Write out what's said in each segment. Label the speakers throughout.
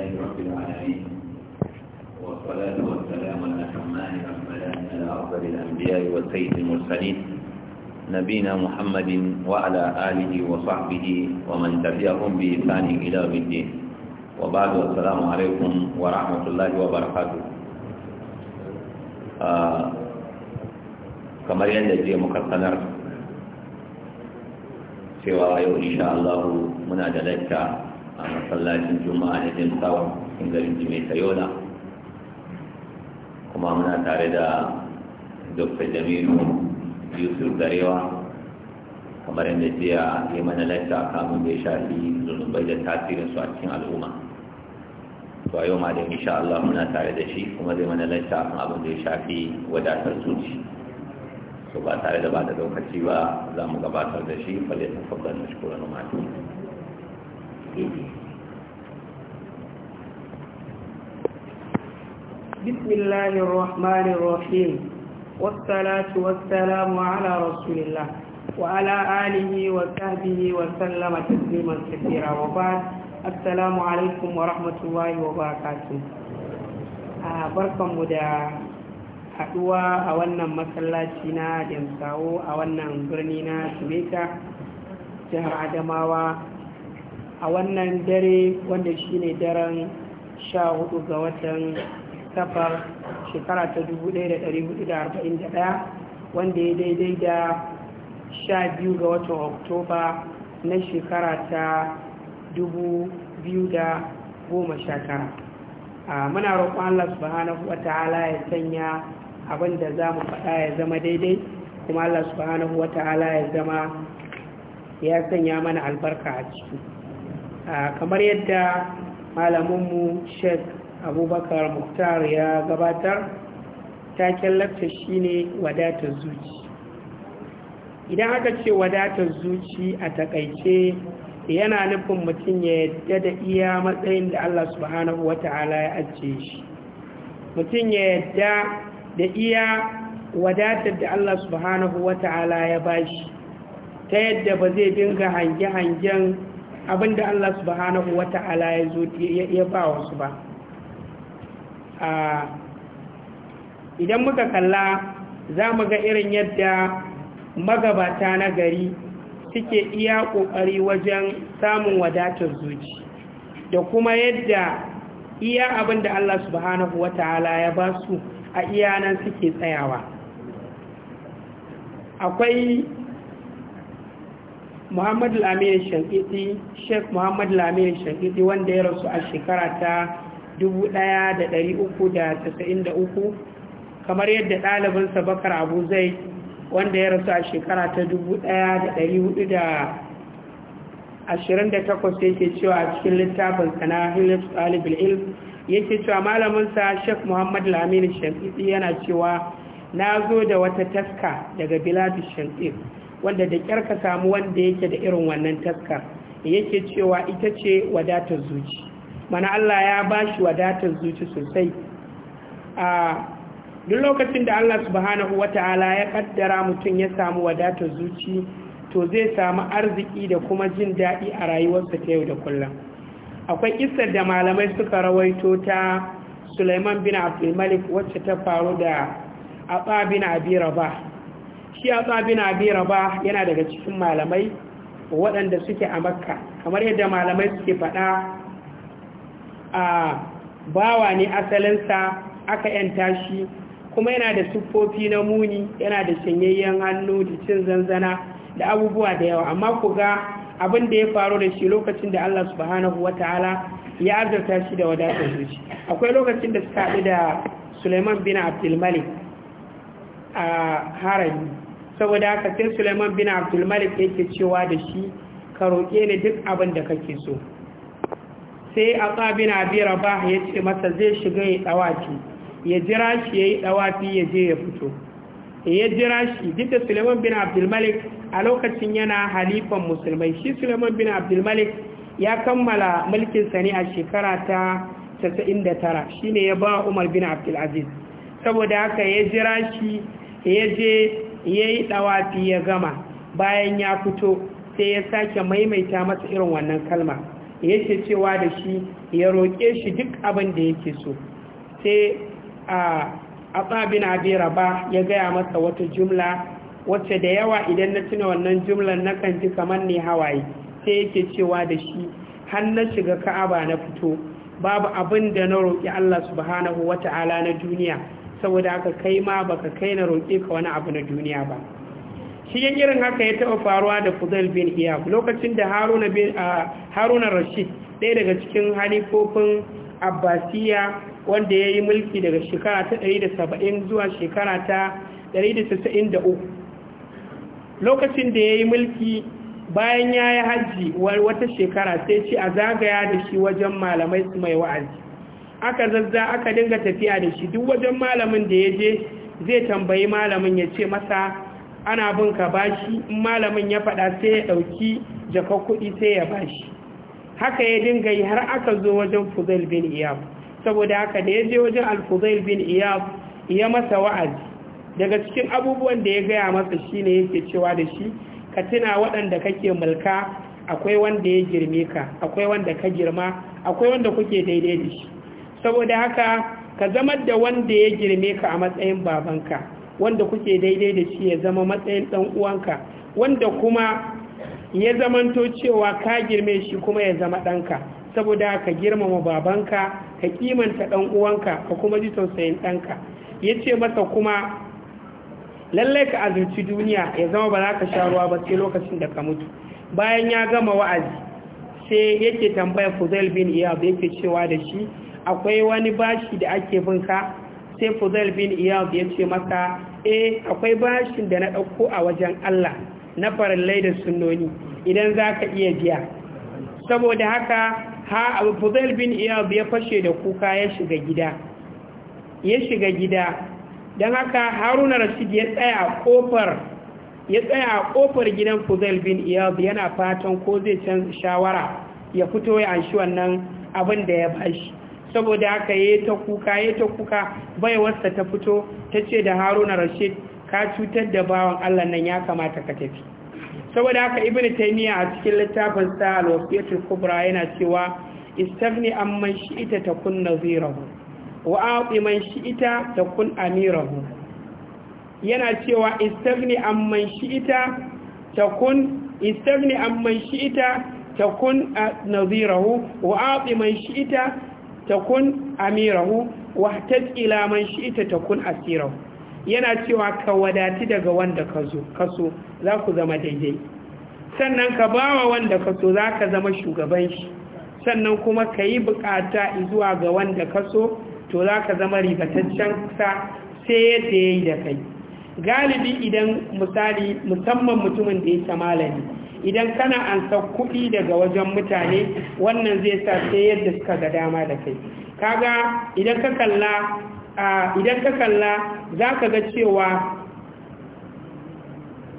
Speaker 1: لله رب العالمين والصلاة والسلام الأتمان الأكملان على أفضل الأنبياء والسيد المرسلين نبينا محمد وعلى آله وصحبه ومن تبعهم بإحسان إلى يوم الدين وبعد السلام عليكم ورحمة الله وبركاته آه كما يجي مكثنر cewa yau insha Allah muna da lakta a masallacin juma'a na jin sawa cikin garin jimai tayola kuma muna tare da dr jamilu yusuf darewa kamar yadda jiya yi mana lanta kamun bai shafi zunubai da tasirinsu a cikin al'umma to a yau ma da insha Allah muna tare da shi kuma zai mana lanta abin da ya shafi wadatar zuci so ba tare da ba da lokaci ba za mu gabatar da shi falle ta fabbar na shi mafi.
Speaker 2: بسم الله الرحمن الرحيم والصلاة والسلام على رسول الله وعلى آله وصحبه وسلم تسليما كثيرا وبعد السلام عليكم ورحمة الله وبركاته بركم مدى haɗuwa أولنا wannan شنا جمساو أولنا a wannan birni na a wannan dare wanda shi ne daren sha hudu ga watan safar shekara ta 1441 wanda ya daidai da sha biyu ga watan oktoba na shekara ta 2019 a muna roƙon allah subhanahu wa ta'ala ya sanya abin da za mu faɗa ya zama daidai kuma allah subhanahu wa ta'ala ya zama ya sanya mana albarka a ciki kamar yadda malaminmu sheik abubakar muktar ya gabatar taken shi shine wadatar zuci idan aka ce wadatar zuci a takaice yana nufin mutum ya yadda da iya matsayin da allah subhanahu wata'ala ya ajiye shi mutum ya yadda da iya wadatar da allah subhanahu wata'ala ya bashi ta yadda ba zai dinga hange-hangen abin da Allah subhanahu wa ta'ala ya zo ya ba su ba idan muka kalla za mu ga irin yadda magabata na gari suke iya ƙoƙari wajen samun wadatar zuci da kuma yadda iya abin da Allah subhanahu wa ta'ala ya ba su a iyanan suke tsayawa akwai muhammadu al-amin shakiti sheikh muhammadu al-amin wanda ya rasu a shekara ta 1393 kamar yadda ɗalibinsa bakar abu zai wanda ya rasu a shekara ta 1428 yake cewa a cikin littafin sana hilif ɗalibin ilm yake cewa malaminsa sheikh muhammadu al-amin yana cewa na zo da wata taska daga biladu shankiti wanda da kyar ka samu wanda yake da irin wannan taska yake cewa ita ce wadatar zuci mana Allah ya ba shi wadatar zuci sosai a duk lokacin da Allah subhanahu wata'ala ya kaddara mutum ya samu wadatar zuci to zai samu arziki da kuma jin daɗi a rayuwarsa ta yau da kullum akwai kisar da malamai suka rawaito ta Sulaiman bin Abdulmalik wacce ta faru da Aba bin Abi Rabah shi bi na abi yana daga cikin malamai waɗanda suke a makka kamar yadda malamai suke faɗa a bawa ne asalinsa aka yanta shi kuma yana da siffofi na muni yana da shanyayyen hannu da cin zanzana da abubuwa da yawa amma ku ga abin da ya faru da shi lokacin da Allah subhanahu Ta'ala ya azarta shi da wadatar zuci akwai lokacin da suka haɗu da Suleiman bin abdulmalik a harami saboda haka sai Sulaiman bin Abdul Malik yake cewa da shi ka roƙe ni duk abin da kake so sai Atha bin Abi Rabah yace masa zai shiga ya dawafi ya jira shi yayi dawafi ya je ya fito eh, ya jira shi duk da Sulaiman bin Abdul Malik a lokacin yana halifan musulmai shi Sulaiman bin Abdul Malik ya kammala mulkin sa ne a shekara ta 99 shine ya ba Umar bin Abdul Aziz saboda haka ya jira shi ya je ya yi ɗawafi ya gama bayan ya fito sai ya sake maimaita masa irin wannan kalma yake cewa da shi ya roƙe shi duk abin da yake so sai a tsabin abira ba ya gaya masa wata jumla wacce da yawa idan na tuna wannan jumlar na kan ji kamar ne hawaye sai yake cewa da shi har na shiga ka'aba na fito babu abin da na roƙi Allah subhanahu wata'ala na duniya saboda haka kai ma baka kai na roƙe ka wani abu na duniya ba shi ya irin haka ya taɓa faruwa da fuzal bin iyab lokacin da haruna rashid ɗaya daga cikin halifofin abbasiya wanda ya yi mulki daga shekara ta 170 zuwa shekara ta 193 lokacin da ya yi mulki bayan ya yi hajji wata shekara sai ce a zagaya da shi wajen malamai su mai wa'azi aka zazza aka dinga tafiya da shi duk wajen malamin da ya je zai tambayi malamin ya ce masa ana bin ka bashi in malamin ya faɗa sai ya ɗauki jaka kuɗi sai ya bashi haka ya dinga yi har aka zo wajen fuzail bin iyab saboda haka da ya je wajen al-fuzail bin iyab ya masa wa'azi daga cikin abubuwan da ya gaya masa shine yake cewa da shi ka tuna waɗanda kake mulka akwai wanda ya girme ka akwai wanda ka girma akwai wanda kuke daidai da shi saboda haka ka zama da wanda ya girme ka a matsayin babanka wanda kuke daidai da shi ya zama matsayin dan uwanka wanda kuma ya zamanto cewa ka girme shi kuma ya zama ɗanka saboda ka girmama babanka ka kimanta dan uwanka ka kuma ji tausayin ɗanka yace masa kuma lallai ka azurci duniya ya zama ba za ka sha ruwa ba sai lokacin da ka mutu bayan ya gama wa'azi sai yake tambaya fuzail bin iyab yake cewa da shi akwai wani bashi da ake binka sai fuzal bin iyad ya ce maka eh akwai bashin da na dauko a wajen Allah na farallai da sunnoni idan zaka iya biya saboda haka ha abu fuzal bin iyad ya fashe da kuka ya shiga gida ya shiga gida don haka haruna rashid ya tsaya a kofar ya tsaya a kofar gidan fuzal bin iyad yana fatan ko zai can shawara ya fito ya anshi wannan abin da ya bashi saboda haka yayi ta kuka yayi ta kuka baiwarsa ta fito tace da Haruna Rashid ka cutar da bawan Allah nan ya kamata ka tafi saboda haka Ibn Taymiyyah a cikin littafin sa Al-Waqiatul Kubra yana cewa istaghni amman shi'ita takun nazirahu wa a'ti man shi'ita takun amirahu yana cewa istaghni amman shi'ita takun istaghni amman shi'ita takun nazirahu wa a'ti man shi'ita takun amirahu wahtaj ila man shi'ta takun asirahu yana cewa ka wadati daga wanda ka zo kaso za ku zama daidai sannan ka bawa wanda ka so za ka zama shugaban shi sannan kuma ka yi bukata zuwa ga wanda ka so to za ka zama ribataccen sa sai yadda ya yi da kai galibi idan misali musamman mutumin da ya ta malami idan kana ansa kuɗi daga wajen mutane wannan zai sa sai yadda suka ga dama da kai kaga idan ka kalla idan ka kalla za ka ga cewa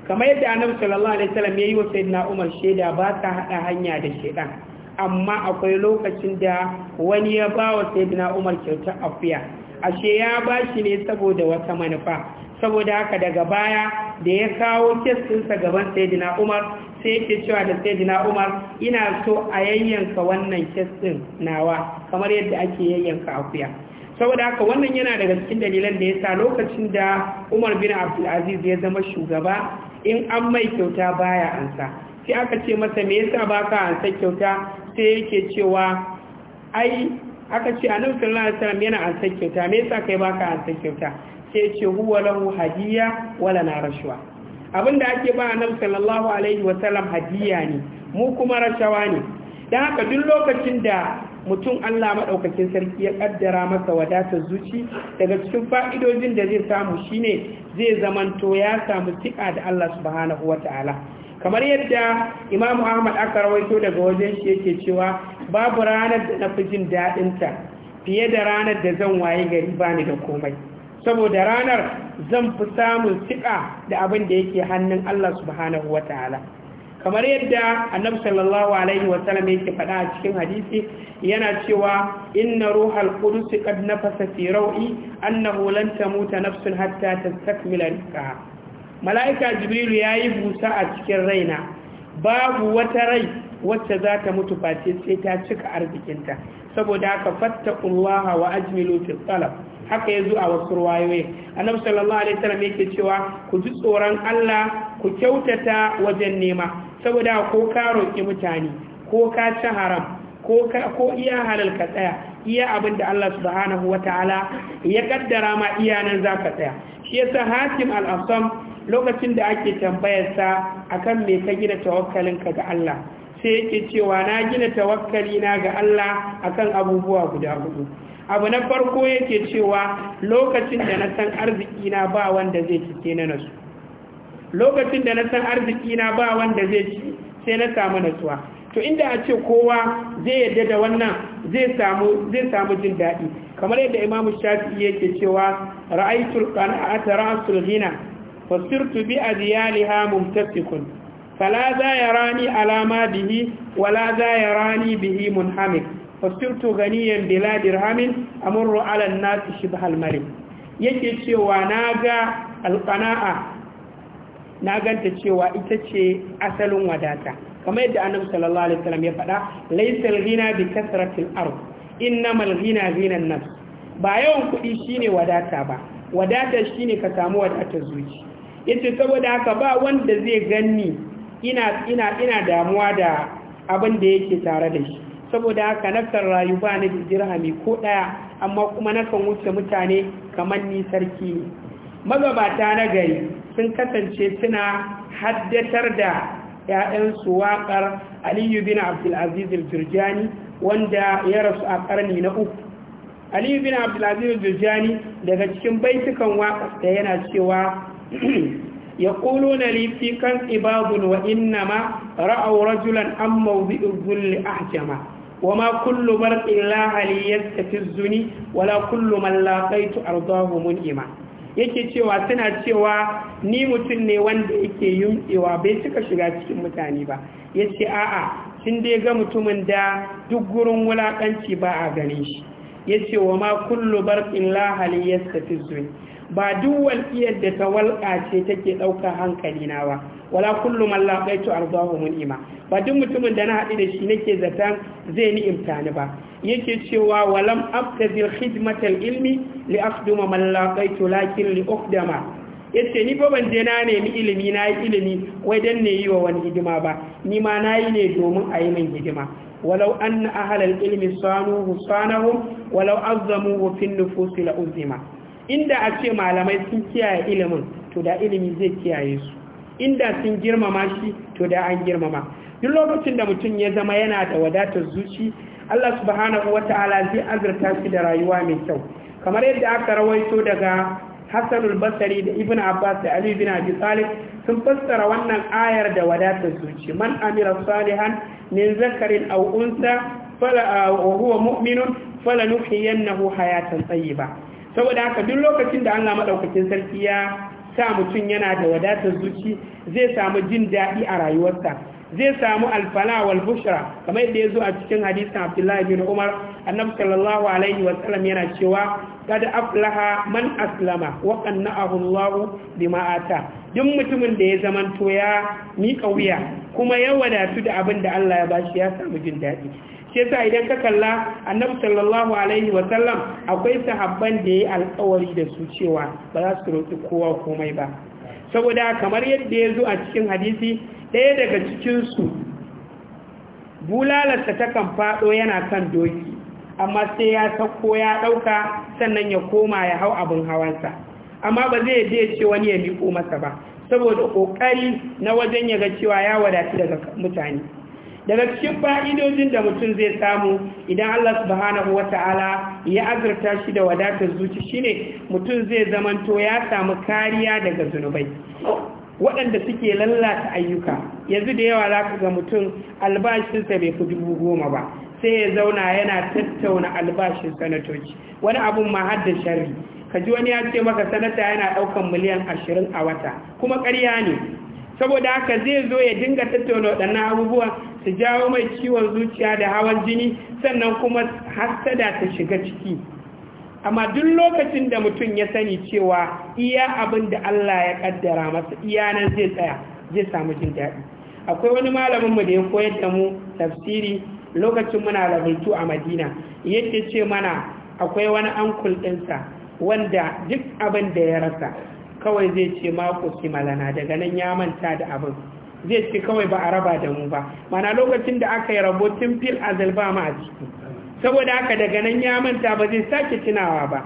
Speaker 2: kamar yadda annabi sallallahu alaihi wasallam yi wa sayyidina Umar sheda ba ta hada hanya da shedan amma akwai lokacin da wani ya ba wa sayyidina Umar kyautar afiya ashe ya ba shi ne saboda wata manufa saboda haka daga baya da ya kawo kes gaban sayyidina Umar sai yake cewa da sayyidina Umar ina so a yayyanka wannan kes nawa kamar yadda ake yayyanka akuya saboda haka wannan yana daga cikin dalilan da ya sa lokacin da Umar bin Abdul Aziz ya zama shugaba in an mai kyauta baya ansa sai aka ce masa me yasa baka ansa kyauta sai yake cewa ai aka ce annabi sallallahu alaihi wasallam yana ansa kyauta me yasa kai baka ansa kyauta sai ce huwa lahu hadiya wala na rashwa abin da ake ba annabi sallallahu alaihi wasallam hadiya ne mu kuma rashawa ne dan haka duk lokacin da mutum Allah maɗaukakin sarki ya ƙaddara masa wadatar zuci daga cikin fa'idojin da zai samu shine zai zamanto ya samu tiƙa da Allah subhanahu wa ta'ala kamar yadda imam ahmad aka rawaito daga wajen shi yake cewa babu ranar da na fi jin daɗinta fiye da ranar da zan waye gari bani da komai saboda ranar zan fi samun siƙa da abin da yake hannun Allah subhanahu wa ta'ala kamar yadda annabi sallallahu alaihi wa sallam yake faɗa a cikin hadisi yana cewa inna ruhal qudus qad nafasa fi na annahu lan tamuta nafsun hatta tastakmila rizqaha malaika jibril yayi busa a cikin raina babu wata rai wacce za ta mutu face sai ta cika arzikinta saboda haka fattaqullaha wa ajmilu fi talab haka ya zo a wasu ruwayoyin annabi sallallahu alaihi wasallam yake cewa ku ji tsoron Allah ku kyautata wajen nema saboda ko ka roki mutane ko ka ci haram ko ko iya halal ka tsaya iya abin da Allah subhanahu wataala ya kaddara ma iya nan zaka tsaya shi yasa hakim al afsam lokacin da ake tambayarsa akan me ka gina tawakkalin ka ga Allah sai yake cewa na gina tawakkali na ga Allah akan abubuwa guda hudu abu na farko yake cewa lokacin da na san arziki na ba wanda zai cike na nasu lokacin da na san arziki na ba wanda zai ci sai na samu nasuwa to inda a ce kowa zai yadda da wannan zai samu zai samu jin daɗi kamar yadda imamu shafi'i yake cewa ra'aytul qana'ata ra'sul ghina fasirtu bi adiyaliha mumtasikun fala za rani alama bihi wala za rani bihi munhamik fasirtu ganiyan bila dirhamin amurru ala nasi bahal marim yake cewa na ga alqana'a na ganta cewa ita ce asalin wadata kamar yadda annabi sallallahu alaihi wasallam ya faɗa laysal ghina bi kasratil ard innamal ghina ghina zinan nafs ba yawan kuɗi shine wadata ba wadata shine ka samu wadatar zuci yace saboda haka ba wanda zai ganni ina ina damuwa da abin da yake tare da shi saboda haka nakan rayu ba ni dirhami ko ɗaya amma kuma nakan wuce mutane kamar ni sarki ne magabata na gari sun kasance suna haddatar da ‘ya'yansu waƙar aliyu bin abdulaziz al-jirjani wanda ya rasu a ƙarni na uku aliyu bin abdulaziz al-jirjani daga cikin baitukan waƙar da yana cewa ya يقولون لي في كان إباب وإنما رأوا رجلا عن موضع a أحجما وما كل برق لا علي يستفزني ولا كل من لاقيت أرضاه منئما yake cewa suna cewa ni mutum ne wanda yake yumkewa bai cika shiga cikin mutane ba ya ce a'a sun dai ga mutumin da duk gurin wulaƙanci ba a gane shi ya ce wa ma kullu barqin la hali ba duk walƙiyar da ta walƙa ce take ɗaukar hankali na ba wala kullu man laqaitu ardahu ima. ba duk mutumin da na haɗu da shi nake zatan zai ni imtani ba yake cewa walam abtazil khidmatal ilmi li akhduma man laqaitu lakin li ukhdama yace ni ba ban je na nemi ilimi na yi ilimi wai dan ne yi wa wani hidima ba ni ma na yi ne domin a yi min hidima walau anna ahlal ilmi sanuhu sanahum walau azamu fin nufusi la uzima inda a ce malamai sun kiyaye ilimin to da ilimi zai kiyaye su inda sun girmama shi to da an girmama duk lokacin da mutum ya zama yana da wadatar zuci Allah subhanahu wata'ala zai azurta shi da rayuwa mai kyau kamar yadda aka rawaito daga Hassanul Basri da Ibn Abbas da Ali bin Abi Talib sun fassara wannan ayar da wadatar zuci man amira salihan min zakarin aw unsa fala wa huwa mu'minun falanuhiyannahu hayatan tayyiba saboda haka duk lokacin da Allah madaukakin sarki ya sa mutum yana da wadatar zuci zai samu jin daɗi a rayuwarsa zai samu alfala wal bushra kamar yadda ya zo a cikin hadisin abdullahi bin umar annabi sallallahu alaihi wa sallam yana cewa kada aflaha man aslama wa qanna'ahu allah bima ata duk mutumin da ya to ya miƙa wuya kuma ya wadatu da abin da Allah ya bashi ya samu jin daɗi ke idan ka kalla annabi sallallahu alaihi wa sallam akwai sahabban da yayi alƙawari da su cewa ba za su roƙi kowa komai ba saboda kamar yadda ya zo a cikin hadisi ɗaya daga cikin su bulalarsa ta kan faɗo yana kan doki amma sai ya sauko ya ɗauka sannan ya koma ya hau abin hawansa amma ba zai je ce wani ya miƙo masa ba saboda ƙoƙari na wajen ya ga cewa ya wadatu daga mutane daga cikin fa'idojin da mutum zai samu idan Allah subhanahu ta'ala ya azurta shi da wadatar zuci shine mutum zai zamanto ya samu kariya daga zunubai waɗanda suke lallata ayyuka yanzu da yawa zaka ga mutum albashinsa bai fi dubu goma ba sai ya zauna yana tattauna albashin sanatoci wani abun ma har da ka ji wani ya ce maka sanata yana ɗaukan miliyan ashirin a wata kuma ƙarya ne saboda haka zai zo ya dinga tattauna waɗannan abubuwa su jawo mai ciwon zuciya da hawan jini sannan kuma hasada ta shiga ciki amma duk lokacin da mutum ya sani cewa iya abin da Allah ya kaddara masa iya nan zai tsaya zai samu jin daɗi akwai wani malamin mu da ya koyar da mu tafsiri lokacin muna labaitu a madina yadda ce mana akwai wani ankul ɗinsa wanda duk abin da ya rasa kawai zai ce mako kimalana daga nan ya manta da abin zai ce kawai ba a raba da mu ba mana lokacin da aka yi rabo tun fil azalba ma a ciki saboda haka daga nan ya manta ba zai sake tunawa ba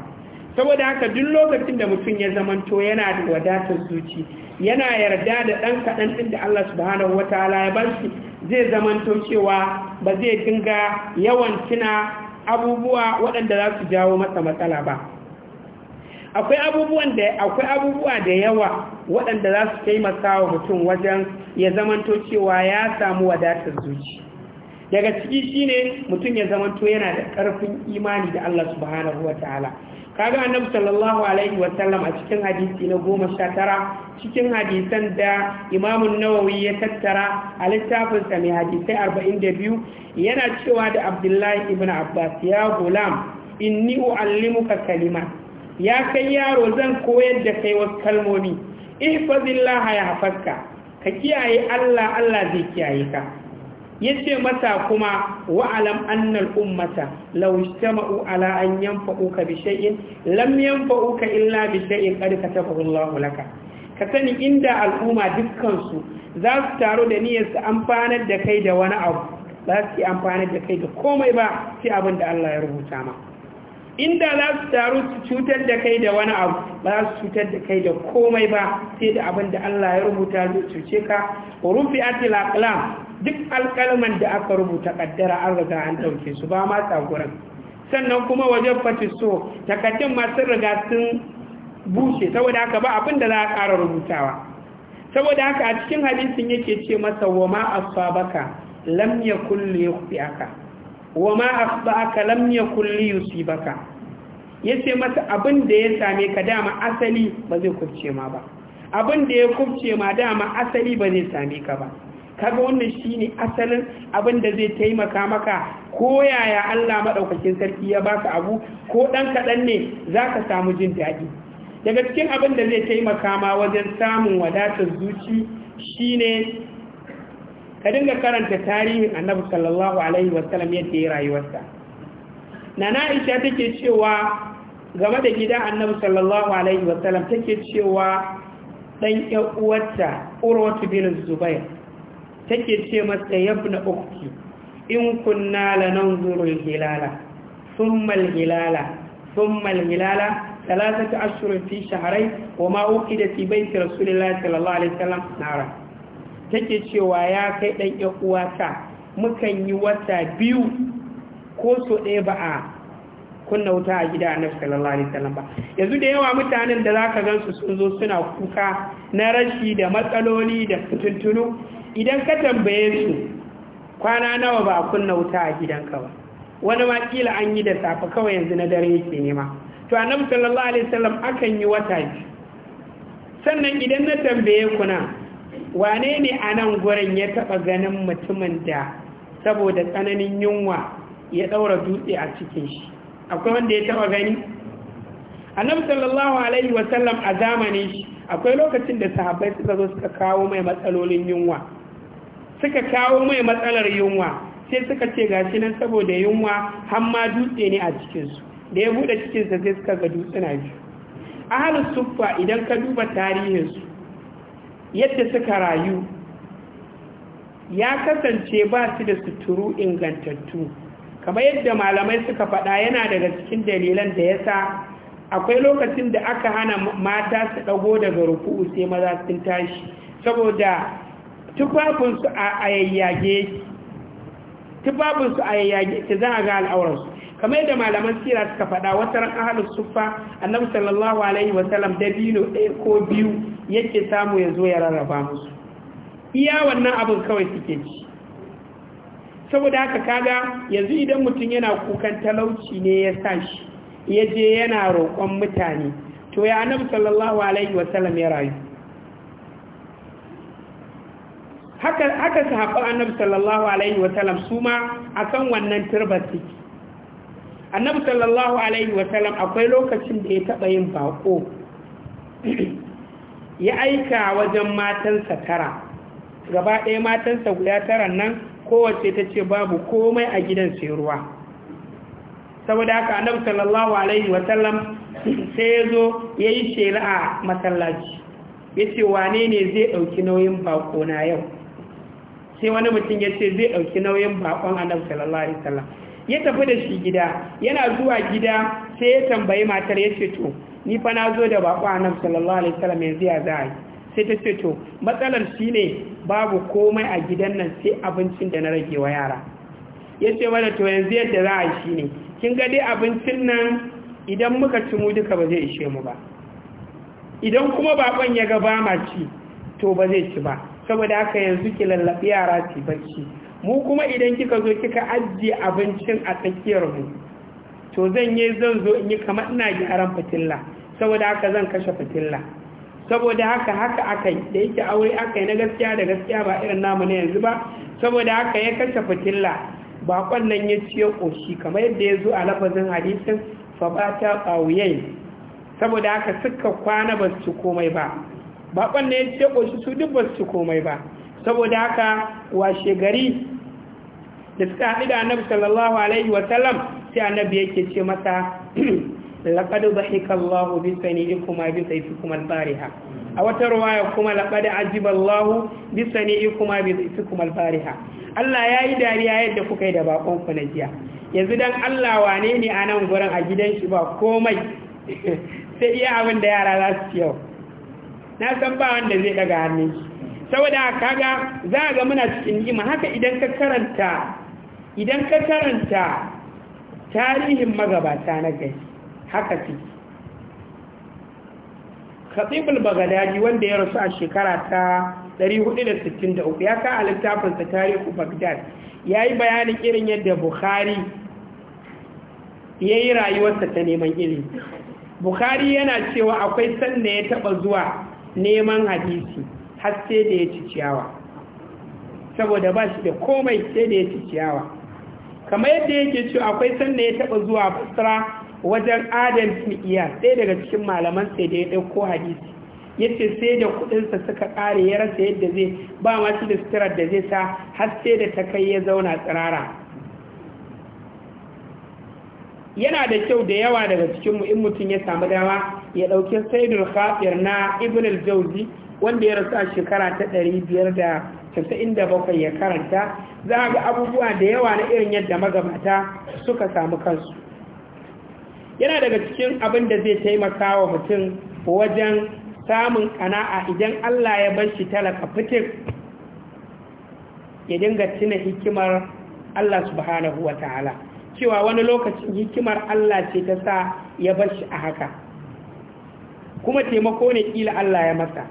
Speaker 2: saboda haka duk lokacin da mutum ya zamanto yana da wadatar zuci yana yarda da ɗan kaɗan ɗin da Allah subhanahu wataala ya bar shi zai zamanto cewa ba zai dinga yawan tuna abubuwa waɗanda za su jawo masa matsala ba akwai abubuwan da akwai abubuwa da yawa waɗanda za su taimaka wa mutum wajen ya zamanto cewa ya samu wadatar zuci daga ciki shine mutum ya zamanto yana da ƙarfin imani da Allah subhanahu ta'ala kaga annabi sallallahu alaihi wa sallam a cikin hadisi na goma sha tara cikin hadisan da imamun nawawi ya tattara a littafinsa mai hadisai arba'in da biyu yana cewa da abdullahi ibn abbas ya gulam inni u'allimuka kalimat ya kai yaro zan koyar da kai wasu kalmomi ihfazillaha ya hafazka ka kiyaye Allah Allah zai kiyaye ka yace mata kuma wa alam annal ummata law ijtama'u ala an yanfa'uka bi shay'in lam yanfa'uka illa bi shay'in qad katabahu Allahu ka sani inda al'umma dukkan su za su taro da niyyar su amfanar da kai da wani abu za su amfanar da kai da komai ba sai abin da Allah ya rubuta ma inda za su taru su cutar da kai da wani abu ba su cutar da kai da komai ba sai da abin da Allah ya rubuta zai cuce ka rufi atil aqlam duk alkalman da aka rubuta kaddara an riga an dauke su ba ma tsagurin? sannan kuma wajen fati so takaddun masu riga sun bushe saboda haka ba abin da za a ƙara rubutawa saboda haka a cikin hadisin yake ce masa wa ma kulle lam yakul aka wa ma asba'aka lam yakul li yusibaka yace mata abin da ya same ka dama asali ba zai kubce ma ba abin da ya kubce ma dama asali ba zai same ka ba kaga wannan shine asalin abin da zai taimaka maka ko yaya Allah madaukakin sarki ya baka abu ko dan kadan ne zaka samu jin daɗi daga cikin abin da zai taimaka ma wajen samun wadatar zuci shine ka dinga karanta tarihin annabi sallallahu alaihi wasallam yadda ya rayuwarsa na aisha take cewa game da gidan annabi sallallahu alaihi wasallam take cewa dan ƴan uwarta urwatu bin zubair take ce masa yabna ukti in kunna lananzuru al-hilala thumma al-hilala thumma hilala ثلاثة أشهر في شهرين وما أوقد في بيت رسول الله صلى الله عليه وسلم نعرف take cewa ya kai ɗan ‘yan mukan yi wata biyu ko so ɗaya ba a kunna wuta a gida a nafi sallallahu alaihi wasallam ba yanzu da yawa mutanen da za ka gan su sun zo suna kuka na rashi da matsaloli da tuntunu. idan ka tambaye su kwana nawa ba a kunna wuta a gidanka ba wani ma an yi da safe kawai yanzu na dare yake nema to annabi sallallahu alaihi wasallam akan yi wata biyu sannan idan na tambaye ku na wane ne a nan gurin ya taɓa ganin mutumin da saboda tsananin yunwa ya ɗaura dutse a cikin shi akwai wanda ya taɓa gani annabi sallallahu alaihi wasallam a zamani shi akwai lokacin da sahabbai suka zo suka kawo mai matsalolin yunwa suka kawo mai matsalar yunwa sai suka ce gashi nan saboda yunwa ma dutse ne a cikinsu da ya buɗe cikinsa sai suka ga dutsuna biyu ahalus suffa idan ka duba tarihinsu yadda suka rayu ya kasance ba su da suturu ingantattu kamar yadda malamai suka faɗa yana daga cikin dalilan da ya sa akwai lokacin da aka hana mata su ɗago daga ruku'u sai maza sun tashi saboda tufafinsu a yayyage tufafinsu a yayyage ta za a ga al'aurarsu kamar yadda malaman sira suka faɗa wata ran ahalus suffa annabi sallallahu alaihi wa sallam dino ɗaya ko biyu yake samu yanzu ya rarraba musu iya wannan abin kawai suke ci saboda haka kaga yanzu idan mutum yana kukan talauci ne ya sa shi ya je yana roƙon mutane to ya annabi sallallahu alaihi wa sallam ya rayu haka haka sahabban annabi sallallahu alaihi wa sallam su ma akan wannan turbar suke annabi sallallahu alaihi wasallam akwai lokacin da ya taɓa yin bako ya aika wajen matansa tara gaba ɗaya matansa guda tara nan kowace ta ce babu komai a gidan sai ruwa saboda haka annabi sallallahu alaihi wasallam sai ya zo ya yi shela a masallaci ya ce wane ne zai ɗauki nauyin bako na yau sai wani mutum ya ce zai ɗauki nauyin bakon annabi sallallahu alaihi wasallam ya tafi da shi gida yana zuwa gida sai ya tambayi matar ya ce to ni fa na zo da bako nan sallallahu alaihi wasallam yanzu ya za sai ta ce to matsalar shine babu komai a gidan nan sai abincin da na rage wa yara ya ce mana to yanzu yadda za a yi shine kin ga dai abincin nan idan muka ci mu duka ba zai ishe mu ba idan kuma bakon ya ga ba ma ci to ba zai ci ba saboda haka yanzu ki lallabi yara ci barci mu kuma idan kika zo kika ajiye abincin a tsakiyar mu to zan yi zan zo in yi kama ina gyaran fitilla saboda haka zan kashe fitilla saboda haka haka aka yi da yake aure aka yi na gaskiya da gaskiya ba irin namu na yanzu ba saboda haka ya kashe fitilla ba nan ya ciye ƙoshi kamar yadda ya zo a lafazin hadisin fabata ɓawuyayi saboda haka suka kwana ba su komai ba ba nan ya ciye ƙoshi su duk ba su komai ba saboda haka washe gari da suka haɗu da annabi sallallahu alaihi wasallam sai annabi yake ce masa laqad dhahika Allah bi sani'ikum bi sayfikum al-bariha a wata ruwaya kuma laqad ajiba Allah bi sani'ikum bi sayfikum al-bariha Allah yayi dariya yadda kuka yi da bakon ku na jiya yanzu dan Allah wane ne a nan gurin a gidan shi ba komai sai iya abin da yara za su ci yau na san ba wanda zai daga hannun shi saboda kaga za ga muna cikin ni'ima haka idan ka karanta idan ka karanta tarihin magabata na gari haka ce khatibul bagadaji wanda ya rasu a shekara ta 463 ya ka a littafinsa tarihu bagdad ya yi bayanin irin yadda bukhari ya yi rayuwarsa ta neman ilimi bukhari yana cewa akwai sannan ya taba zuwa neman hadisi har sai da ya ci ciyawa saboda ba shi da komai sai da ya ci ciyawa kamar yadda yake cewa akwai sanda ya taba zuwa fasara wajen adam smith sai daga cikin malaman sai da ya ɗauko hadisi ya ce sai da kudinsa suka kare ya rasa yadda zai ba ma shi da sitirar da zai sa har sai da ta kai ya zauna tsirara yana da kyau da yawa daga cikinmu in mutum ya samu dama ya ɗauki saidul khafir na ibn al-jauzi wanda ya rasu a shekara ta ɗari biyar da casa'in da bakwai ya karanta za a ga abubuwa da yawa na irin yadda magabata suka samu kansu yana daga cikin abin da zai taimaka wa mutum wajen samun kana'a idan allah ya bar shi talaka fitin ya dinga tuna hikimar allah subhanahu wa ta'ala cewa wani lokacin hikimar allah ce ta sa ya bar shi a haka kuma taimako ne ƙila allah ya masa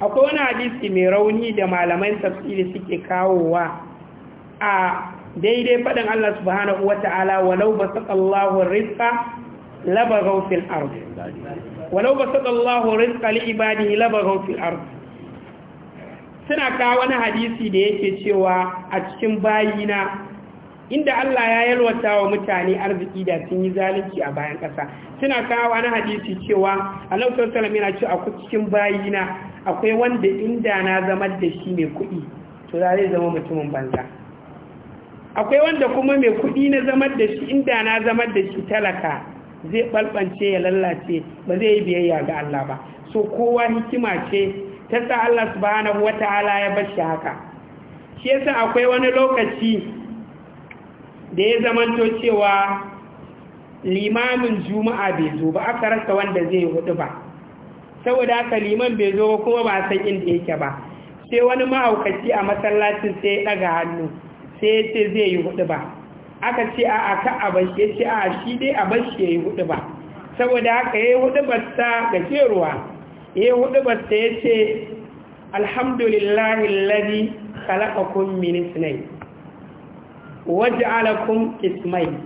Speaker 2: akwai wani hadisi mai rauni da malaman tafsiri suke kawowa a daidai faɗin Allah subhanahu wata'ala walau basaqallahu rizqa labaghaw fil ard walau basaqallahu rizqa li ibadihi labaghaw fil ard suna kawo wani hadisi da yake cewa a cikin bayina inda Allah ya yalwata wa mutane arziki da sun yi zalunci a bayan ƙasa suna kawo wani hadisi cewa a lautar alaihi yana ce a cikin bayina akwai wanda inda na zama da shi mai kuɗi to za zai zama mutumin banza akwai wanda kuma mai kuɗi na zama da shi inda na zama da shi talaka zai balbance ya lallace ba zai yi biyayya ga Allah ba so kowa hikima ce ta sa Allah subhanahu wataala ya bar haka shi yasa akwai wani lokaci da ya zamanto cewa limamin juma'a bai zo ba aka rasa wanda zai hudu ba saboda haka liman bai zo ba kuma ba san inda yake ba sai wani ma'aukaci a masallacin sai ya daga hannu sai ya ce zai yi hudu ba aka ce a aka a ya ce a shi dai a bashi ya yi hudu ba saboda haka ya yi hudu ba ta gajeruwa ya yi hudu basta ya ce alhamdulillahi lalli kalakakun minisnai وجعلكم قسمين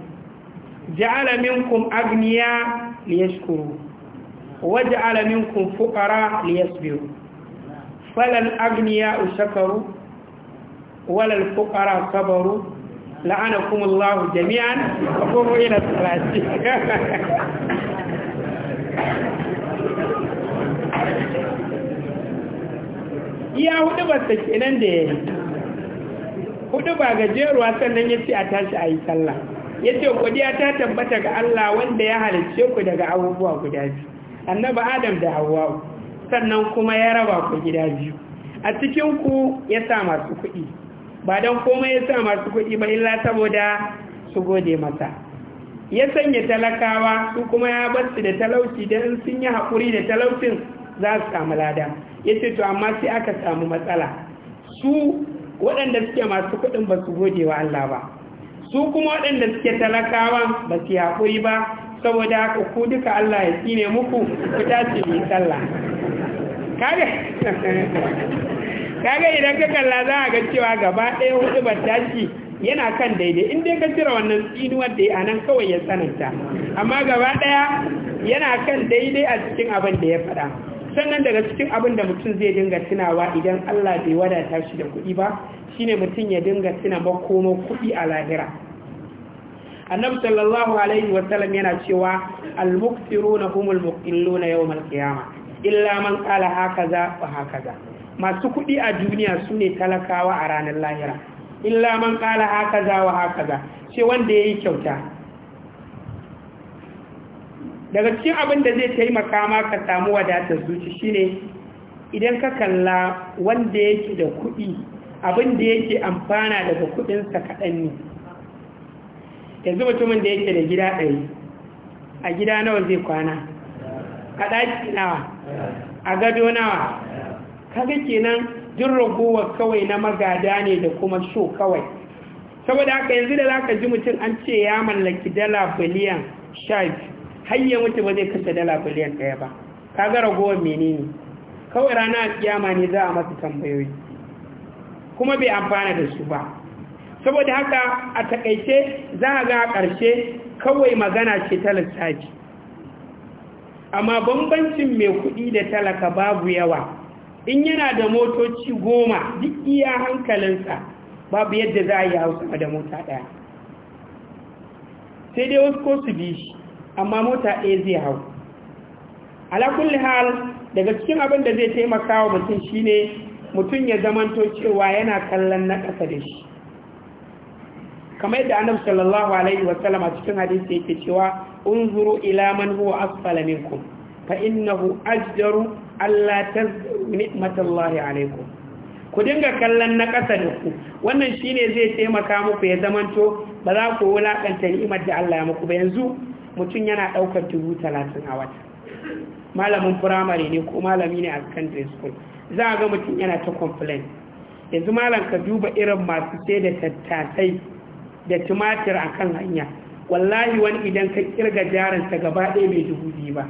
Speaker 2: جعل منكم أغنياء ليشكروا وجعل منكم فقراء ليصبروا فلا الأغنياء شكروا ولا الفقراء صبروا لعنكم الله جميعا وقوموا إلى الصلاة يا ودبا سكينان دي hudu ba gajeruwa sannan ya ce a tashi a yi sallah ya ce godiya ta tabbata ga Allah wanda ya halicce ku daga abubuwa guda biyu annaba adam da hawa sannan kuma ya raba ku gida biyu a cikin ku ya sa masu kuɗi ba don komai ya sa masu kuɗi ba illa saboda su gode masa ya sanya talakawa su kuma ya basu da talauci don sun yi haƙuri da talaucin za su samu lada ya ce to amma sai aka samu matsala su waɗanda suke masu kuɗin ba su gode wa Allah ba su kuma waɗanda suke talakawa ba su haƙuri ba saboda haka ku duka Allah ya tsine muku ku tashi mai sallah kaga kaga idan ka kalla za a ga cewa gaba ɗaya hudu ba tashi yana kan daidai in dai ka cire wannan tsinuwar da a nan kawai ya tsananta amma gaba ɗaya yana kan daidai a cikin abin da ya faɗa sannan daga cikin abin da mutum zai dinga tunawa idan Allah bai wadata shi da kuɗi ba shine mutum ya dinga tuna makomo kuɗi a lahira annabi sallallahu alaihi sallam yana cewa al-muqsiruna humul muqilluna yawmal qiyamah illa man qala hakaza wa hakaza masu kuɗi a duniya sune talakawa a ranar lahira illa man qala hakaza wa hakaza ce wanda yayi kyauta daga cikin abin da zai taimaka ma ka samu wadatar zuci shine idan ka kalla wanda yake da kuɗi abin da yake amfana daga kuɗinsa kaɗan ne yanzu mutumin da yake da gida ɗari a gida nawa zai kwana a ɗaki nawa a gado nawa kaga kenan jin ragowa kawai na magada ne da kuma sho kawai saboda haka yanzu da za ka ji mutum an ce ya mallaki dala biliyan sha har ya mutu ba zai kashe dala biliyan ɗaya ba Ka ga ragowar menene kawai rana kiyama ne za a masa tambayoyi kuma bai amfana da su ba saboda haka a takaice za a ga a ƙarshe kawai magana ce ta lissafi amma bambancin mai kuɗi da talaka babu yawa in yana da motoci goma duk iya hankalinsa babu yadda za a yi hausa da mota ɗaya sai dai wasu ko su bi shi amma mota ɗaya zai hau ala kulli hal daga cikin abin da zai taimaka wa mutum shine mutum ya zamanto cewa yana kallon na ƙasa da shi kamar yadda annabi sallallahu alaihi wa sallam a cikin hadisi yake cewa zuru ila man huwa asfala minkum fa innahu ajdaru alla tazdu ni'matallahi alaikum ku dinga kallon na ƙasa da ku wannan shine zai taimaka muku ya zamanto ba za ku wulakanta ni'imar da Allah ya muku ba yanzu mutum yana ɗaukar dubu talatin a wata malamin firamare ne ko malami ne a secondary school za a ga mutum yana ta complain yanzu malam ka duba irin masu sai da tattasai da tumatir a kan hanya wallahi wani idan ka kirga ta gaba ɗaya mai dubu biyu ba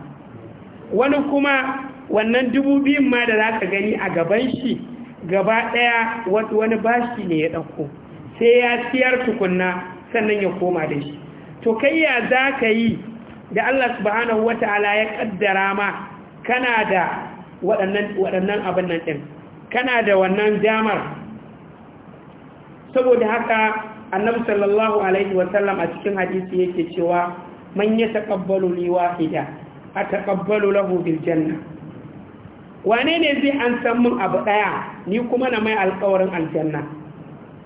Speaker 2: wani kuma wannan dubu biyun ma da za ka gani a gaban shi gaba ɗaya wani bashi ne ya ɗauko sai ya siyar tukunna sannan ya koma da shi to kai za ka yi da Allah subhanahu wa ta'ala ya kaddara ma kana da waɗannan abin nan ɗin kana da wannan damar saboda haka annabi sallallahu alaihi wasallam a cikin hadisi yake cewa man ya taqabbalu li wahida ataqabbalu lahu bil janna wane ne zai an san mun abu daya ni kuma na mai alƙawarin aljanna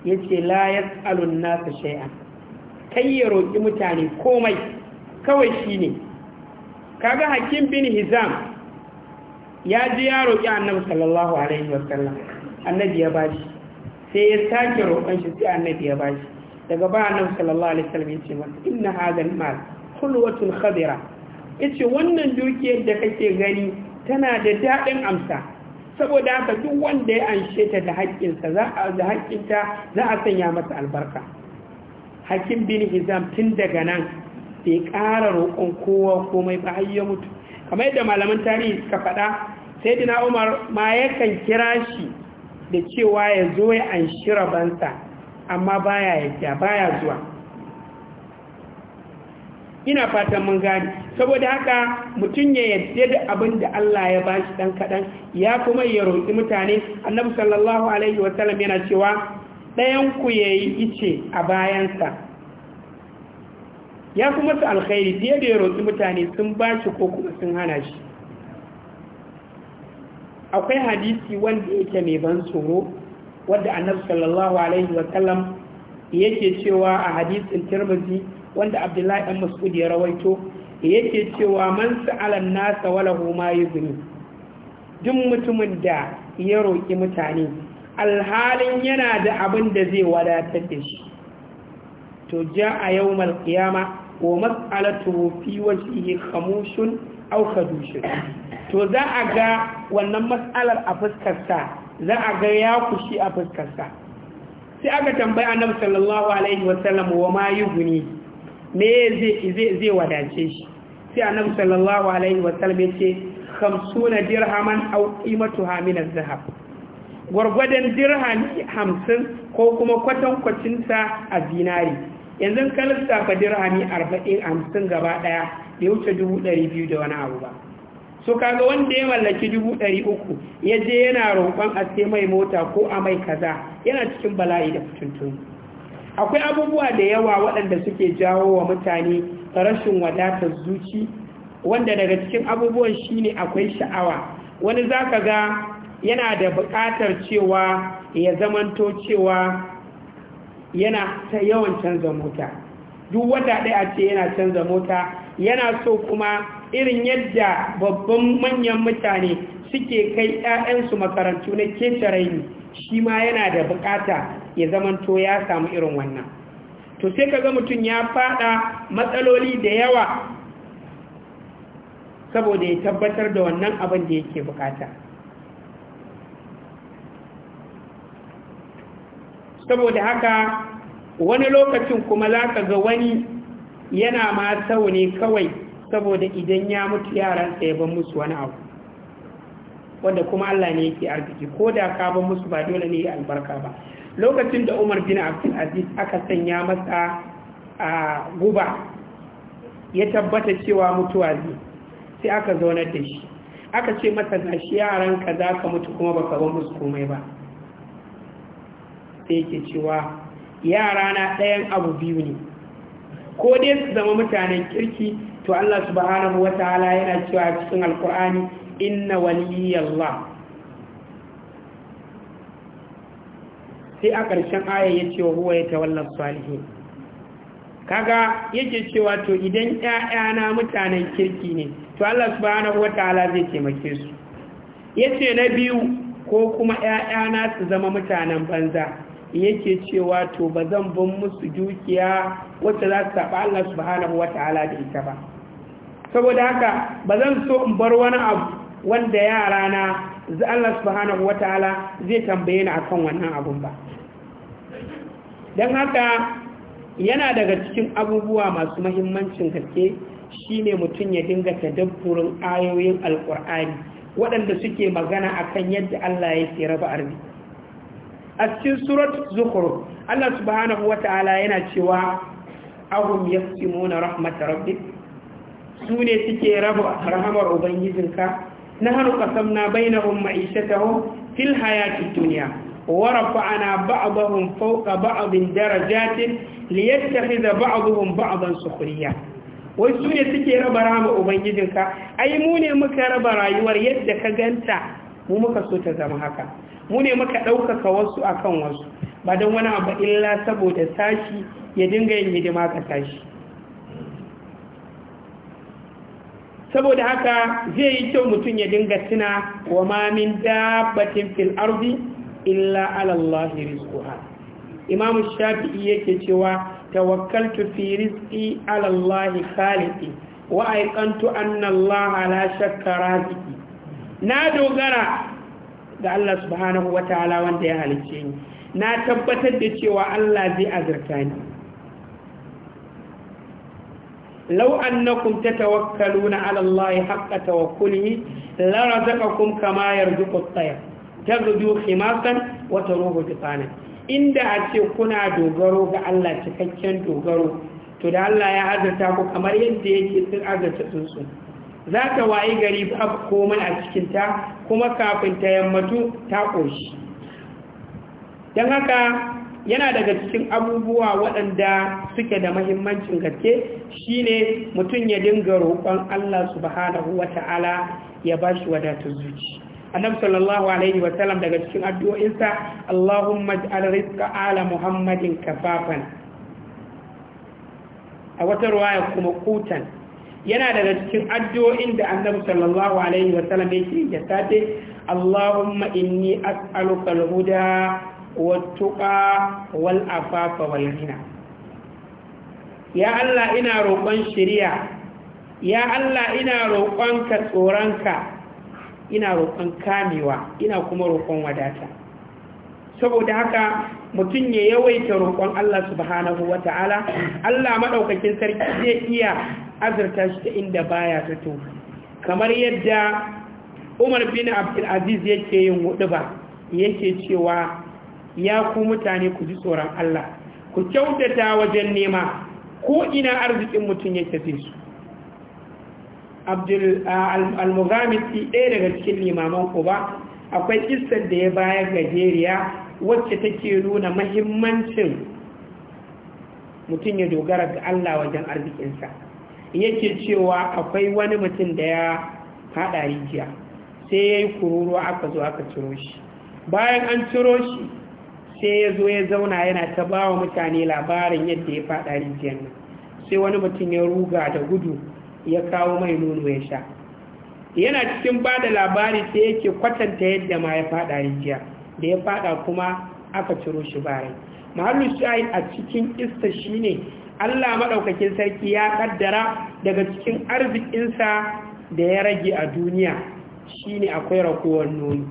Speaker 2: yace la yas'alun nasu shay'an kai ya roƙi mutane komai kawai shi ne kaga hakim bin hizam ya ji ya roƙi annabi sallallahu alaihi wasallam annabi ya bashi sai ya sake roƙon shi sai annabi ya bashi daga ba annabi sallallahu alaihi wasallam ya ce masa inna hadha mal hulwatun khadira yace wannan dukiyar da kake gani tana da daɗin amsa saboda haka duk wanda ya anshe ta da haƙƙinsa za a da haƙƙinta za a sanya masa albarka hakim bin hizam tun daga nan bai ƙara roƙon kowa komai ba ya mutu kamar yadda malaman tarihi suka faɗa sai dina umar ma yakan kira shi da cewa ya zo ya an shira bansa amma baya yadda baya zuwa ina fatan mun gani saboda haka mutum ya yadda da abin da Allah ya ba shi ɗan kaɗan ya kuma ya roƙi mutane annabi sallallahu alaihi wasallam yana cewa ɗayanku ya yi ice a bayansa ya fi masa alkhairi fiye da ya roƙi mutane sun ba shi ko kuma sun hana shi akwai hadisi wanda yake mai ban tsoro wadda annabi sallallahu alaihi wasallam yake cewa a hadisin tirmidhi wanda abdullahi dan mas'ud ya rawaito yake cewa man sa'ala nasa walahu lahu ma yuzni duk mutumin da ya roƙi mutane alhalin yana da abin da zai wadatar da shi to ja a yau malkiyama wa matsalatu fi wajihi khamushun au khadushin to za a ga wannan matsalar a fuskarsa za a ga ya kushi a fuskarsa sai aka tambayi annabi sallallahu alaihi wasallam wa ma guni me zai zai wadace shi sai annabi sallallahu alaihi wasallam ya ce 50 dirhaman auki qimatuha min az-zahab gwargwadon dirhami hamsin ko kuma kwatankwacinta a zinari yanzu ka lissafa dirhami arba'in hamsin gaba ɗaya da wuce dubu ɗari biyu da wani abu ba so kaga wanda ya mallaki dubu ɗari uku ya je yana roƙon a sai mai mota ko a mai kaza yana cikin bala'i da fitintun akwai abubuwa da yawa waɗanda suke jawo wa mutane rashin wadatar zuci wanda daga cikin abubuwan shine akwai sha'awa wani za ka ga yana da buƙatar cewa ya zamanto cewa yana ta yawan canza mota duk wata ɗaya ce yana canza mota yana so kuma irin yadda babban manyan mutane suke kai 'ya'yansu makarantu na keta ne shi ma yana da buƙata ya zamanto ya samu irin wannan to sai ga mutum ya fada matsaloli da yawa saboda ya tabbatar da wannan abin da yake buƙata saboda haka wani lokacin kuma za ka ga wani yana ma sau ne kawai saboda idan ya mutu yaransa ya ban musu wani abu wanda kuma Allah ne yake arziki ko da ka ban musu ba dole ne albarka ba lokacin da Umar bin Abdul Aziz aka sanya masa a guba ya tabbata cewa mutuwa zai sai aka zaunar da shi aka ce masa gashi yaran ka za ka mutu kuma ba ka ban musu komai ba sai yake cewa yara na ɗayan abu biyu ne ko dai su zama mutanen kirki to Allah subhanahu wataala yana cewa cikin alkur'ani inna waliyallah sai a ƙarshen aya ya ce wa huwa ya tawallar salihin kaga yake cewa to idan ‘ya'yana mutanen kirki ne to Allah subhanahu wa ta'ala zai taimake su ya ce na biyu ko kuma ‘ya'yana su zama mutanen banza yake cewa to ba zan bin musu dukiya wacce za su taɓa Allah subhanahu wa ta'ala da ita ba saboda haka ba zan so in bar wani abu wanda yara na Allah subhanahu wa ta'ala zai tambaye ni akan wannan abun ba don haka yana daga cikin abubuwa masu mahimmancin gaske shine mutum ya dinga tadabburin ayoyin Alƙur'ani waɗanda suke magana akan yadda Allah ya raba ba arziki a cikin surat zukhruf Allah subhanahu ta'ala yana cewa ahum yaqsimuna rahmat rabbik su ne suke raba rahamar ubangijinka na nahnu qasamna bainahum ma'ishatahum fil hayatid dunya wa rafa'na ba'dahum fawqa ba'din darajatin liyattakhidha ba'dahum ba'dan sukhriya wai su ne suke raba rahama ubangijinka ai mu ne muka raba rayuwar yadda ka ganta mu muka so ta zama haka mu ne muka ɗaukaka wasu akan wasu ba don wani abu illa saboda sashi ya dinga yin hidima ka sashi saboda haka zai yi kyau mutum ya dinga tuna wa mamin dabbatin fil ardi illa alallahi rizquha imamu shafi'i yake cewa tawakkaltu fi rizqi alallahi khaliqi wa aiqantu anna allaha la shakka raziqi na dogara ga Allah subhanahu ta'ala wanda ya halicce ni na tabbatar da cewa Allah zai azurta ni law annakum tatawakkaluna ala Allah haqqa tawakkulihi la razaqakum kama yarzuqu at-tayr taghdu khimasan wa taruhu bitana inda a ce kuna dogaro ga Allah cikakken dogaro to da Allah ya azurta ku kamar yadda yake sun azurta tsuntsu za ta wayi gari babu komai a cikinta kuma kafin ta yammatu ta ƙoshi don haka yana daga cikin abubuwa waɗanda suke da mahimmancin gaske shine mutum ya dinga roƙon Allah subhanahu wata'ala ya ba shi wadatar zuci annabi sallallahu alaihi wa daga cikin addu'o'insa Allahumma ij'al rizqa ala Muhammadin kafafan a wata ruwaya kuma kutan yana daga cikin addu'o'in da annabi sallallahu alaihi wasallam yake da safe Allahumma inni as'aluka al-huda wa tuqa wal-afafa wal-ghina ya Allah ina roƙon shari'a ya Allah ina roƙon ka tsoronka ina roƙon kamewa ina kuma roƙon wadata saboda haka mutum ya yawaita roƙon Allah subhanahu wa ta'ala, Allah madaukakin sarki zai iya azurta shi ta inda baya ta to kamar yadda umar bin abdulaziz yake yin hudu ba yake cewa ya ku mutane ku ji tsoron allah ku kyautata wajen nema ko ina arzikin mutum ya fi su al-mughamisi ɗaya daga cikin limaman ba akwai istar da ya bayar gajeriya wacce take nuna mahimmancin mutum ya dogara ga allah wajen arzikinsa yake cewa akwai wani mutum da ya haɗa rijiya sai ya yi kururuwa aka zo aka ciro shi bayan an ciro shi sai ya zo ya zauna yana ta ba wa mutane labarin yadda ya faɗa rijiyar nan sai wani mutum ya ruga da gudu ya kawo mai nono ya sha yana cikin ba da labari sai yake kwatanta yadda ma ya faɗa rijiya da ya faɗa kuma aka ciro shi bayan mahallu shahid a cikin ista shine Allah maɗaukakin sarki ya ƙaddara daga cikin arzikinsa da ya rage a duniya shine akwai rakowar noni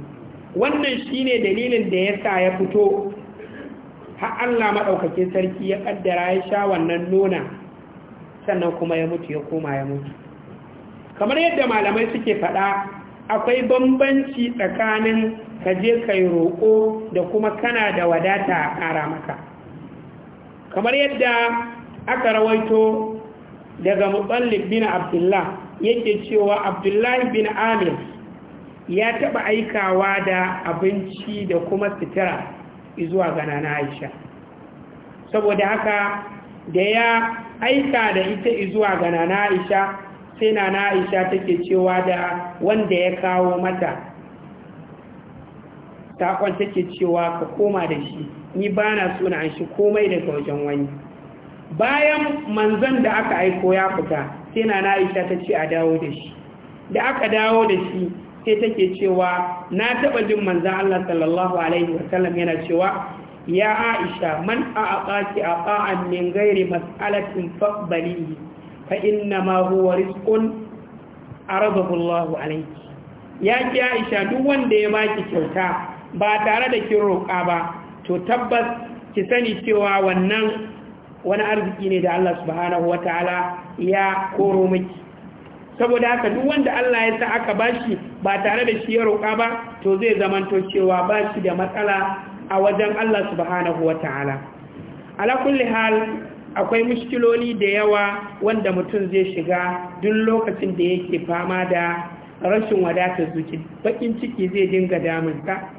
Speaker 2: wannan shine dalilin da ya sa ya fito Ha Allah maɗaukakin sarki ya ƙaddara ya sha wannan nona sannan kuma ya mutu ya koma ya mutu kamar yadda malamai suke faɗa akwai bambanci tsakanin kaje kai roƙo da kuma kana da wadata a ƙara maka kamar yadda aka rawaito daga muballib bin abdullah yake cewa abdullahi bin amir ya taɓa aikawa da abinci da kuma sitara zuwa gana na aisha saboda haka da ya aika da ita zuwa gana na aisha sai na na aisha take cewa da wanda ya kawo mata saƙon take cewa ka koma da shi ni ba na suna an shi komai daga wajen wani bayan manzan da aka aiko ya fita sai na Aisha ta ce a dawo da shi da aka dawo da shi sai take cewa na taba jin manzan Allah sallallahu alaihi wasallam yana cewa ya Aisha man aqati aqa'an min ghairi mas'alatin faqbali fa inna ma huwa rizqun aradahu Allah ya ki Aisha duk wanda ya baki kyauta ba tare da kin roƙa ba to tabbas ki sani cewa wannan wani arziki ne da Allah subhanahu wataala ya koro miki saboda haka duk wanda Allah ya sa aka bashi ba tare da shi ya roƙa ba to zai zamanto cewa bashi da matsala a wajen Allah subhanahu ta'ala ala kulli hal akwai mushkiloli da yawa wanda mutum zai shiga duk lokacin da yake fama da rashin wadatar zuci bakin ciki zai dinga damunta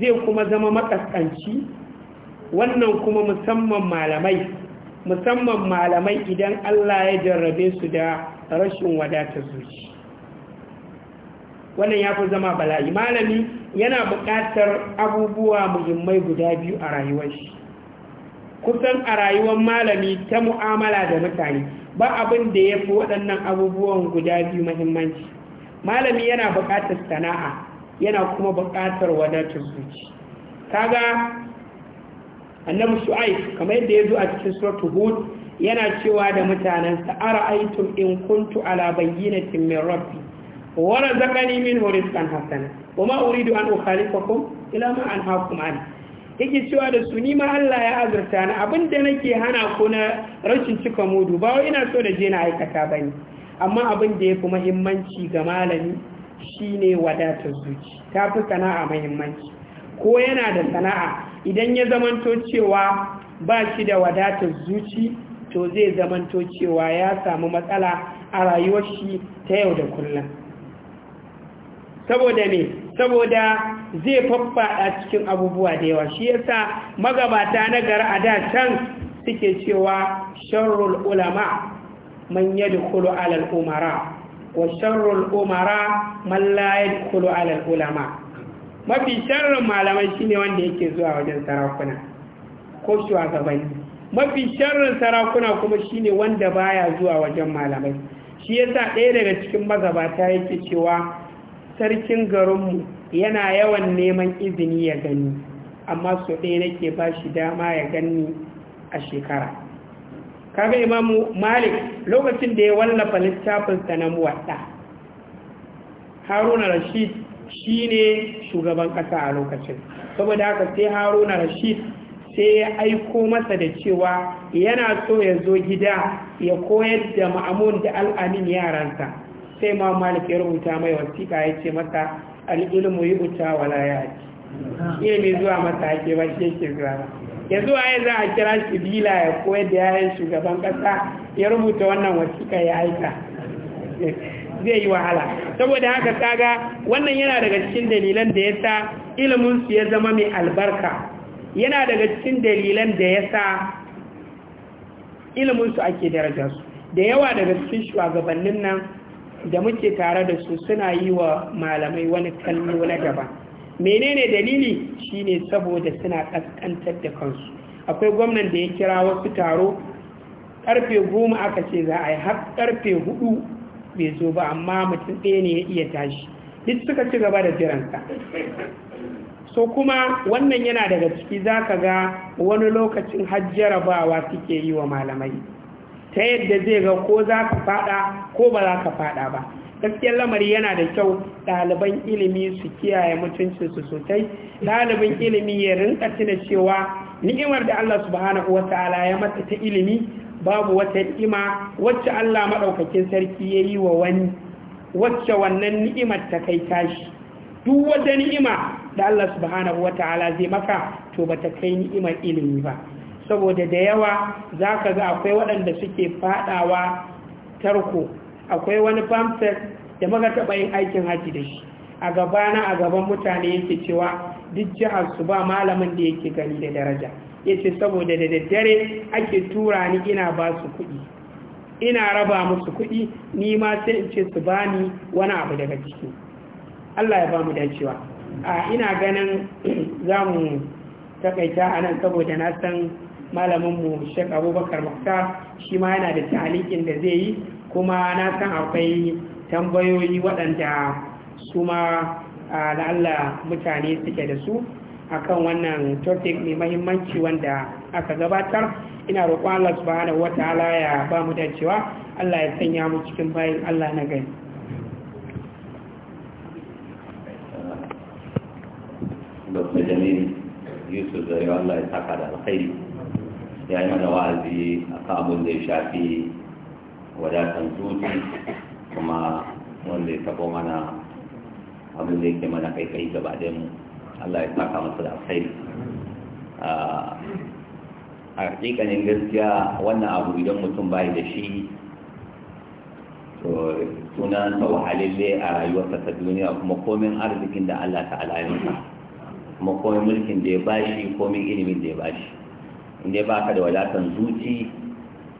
Speaker 2: zai kuma zama makaskanci wannan kuma musamman malamai musamman malamai idan Allah ya jarrabe su da rashin wadatar zuci wannan ya fi zama bala'i malami yana buƙatar abubuwa muhimmai guda biyu a rayuwar shi kusan a rayuwar malami ta mu'amala da mutane ba abin da ya fi waɗannan abubuwan guda biyu muhimmanci malami yana buƙatar sana'a yana kuma buƙatar wadatar zuci kaga annabi shu'aib kamar yadda ya zo a cikin suratul hud yana cewa da mutanen sa ara'aytum in kuntu ala bayyinatin min rabbi wa razaqani min rizqan hasana wa ma uridu an ukhalifakum ila ma anhaakum an yake cewa da su ni ma Allah ya azurta ni abinda nake hana ku na rashin cika mudu ba ina so da je na aikata bane amma abin da yafi muhimmanci ga malami shine wadatar zuci tafi sana'a muhimmanci ko yana da sana'a idan ya zamanto cewa ba shi da wadatar zuci to zai zamanto cewa ya samu matsala a rayuwar shi ta yau da kullum saboda ne saboda zai faffaɗa cikin abubuwa da yawa shi yasa magabata na gara a da can suke cewa sharrul ulama man yadkhulu ala al-umara wa sharrul umara man la yadkhulu ala al-ulama mafi sharrin malamai shine wanda yake zuwa wajen sarakuna ko shugabanni mafi sharrin sarakuna kuma shine wanda baya zuwa wajen malamai shi yasa ɗaya daga cikin mazabata yake cewa sarkin garinmu yana yawan neman izini ya gani amma su ɗaya nake ba shi dama ya gani a shekara kaga imamu malik lokacin da ya wallafa littafinsa na muwadda haruna rashid shine shugaban ƙasa a lokacin saboda haka sai haruna rashid sai ya aiko masa da cewa yana so ya zo gida ya koyar da ma'amun da al'amin yaransa sai ma malik ya rubuta mai wasiƙa ya ce masa al'ilmu yi wuta wala ya ci ilimi zuwa masa ke ba shi yake zuwa ya zuwa ya za a kira shi bila ya koyar da yayan shugaban ƙasa ya rubuta wannan wasiƙa ya aika zai yi wahala saboda haka kaga wannan yana daga cikin dalilan da yasa ilimin su ya zama mai albarka yana daga cikin dalilan da yasa ilimin su ake daraja su da yawa daga cikin shugabannin nan da muke tare da su suna yi wa malamai wani kallo na gaba menene dalili shine saboda suna kaskantar da kansu akwai gwamnan da ya kira wasu taro karfe goma aka ce za a yi har karfe hudu bai zo ba amma mutum ɗaya ne ya iya tashi duk suka ci gaba da jiransa so kuma wannan yana daga ciki za ka ga wani lokacin hajjarabawa suke yi wa malamai ta yadda zai ga ko za ka fada ko ba za ka fada ba gaskiyar lamari yana da kyau ɗaliban ilimi su kiyaye mutuncinsu sosai ɗalibin ilimi ya rinka tuna cewa ni'imar da Allah subhanahu wa ta'ala ya mata ta ilimi babu wata ni'ima wacce Allah maɗaukakin sarki ya yi wa wani wacce wannan ni'imar ta kai tashi duk wata ni'ima da Allah subhanahu wa ta'ala zai maka to ba ta kai ni'imar ilimi ba saboda da yawa za ka ga akwai waɗanda suke faɗawa tarko akwai wani pamphlet da muka taɓa yin aikin haji da shi a gabana a gaban mutane yake cewa duk jihar su ba malamin da yake gani da daraja ya ce saboda da daddare ake tura ni ina ba su kuɗi ina raba musu kuɗi ni ma sai in ce su ba ni wani abu daga ciki allah ya ba mu dacewa a ina ganin za mu takaita a nan saboda na san malamin mu, shek abubakar Makta, shi ma yana da talikin da zai yi kuma na san akwai tambayoyi waɗanda su ma la'alla mutane suke da su akan wannan topic mai mahimmanci wanda aka gabatar ina roƙon Allah subhanahu wataala ya ba mu dacewa Allah ya sanya mu cikin bayin Allah na gani
Speaker 1: Dr. Jamil Yusuf Zari Allah ya saka da alkhairi ya yi mana wa'azi a kamun da ya shafi wadatan zuci kuma wanda ya taɓa mana
Speaker 3: abin da yake mana kai kai gaba mu Allah ya saka masa da alkhairi a hakikanin gaskiya wannan abu idan mutum bai da shi suna sunan a rayuwarsa ta duniya kuma komin arzikin da Allah ta alayinsa kuma komin mulkin da ya bashi komin ilimin da ya bashi in dai baka da wadatan zuci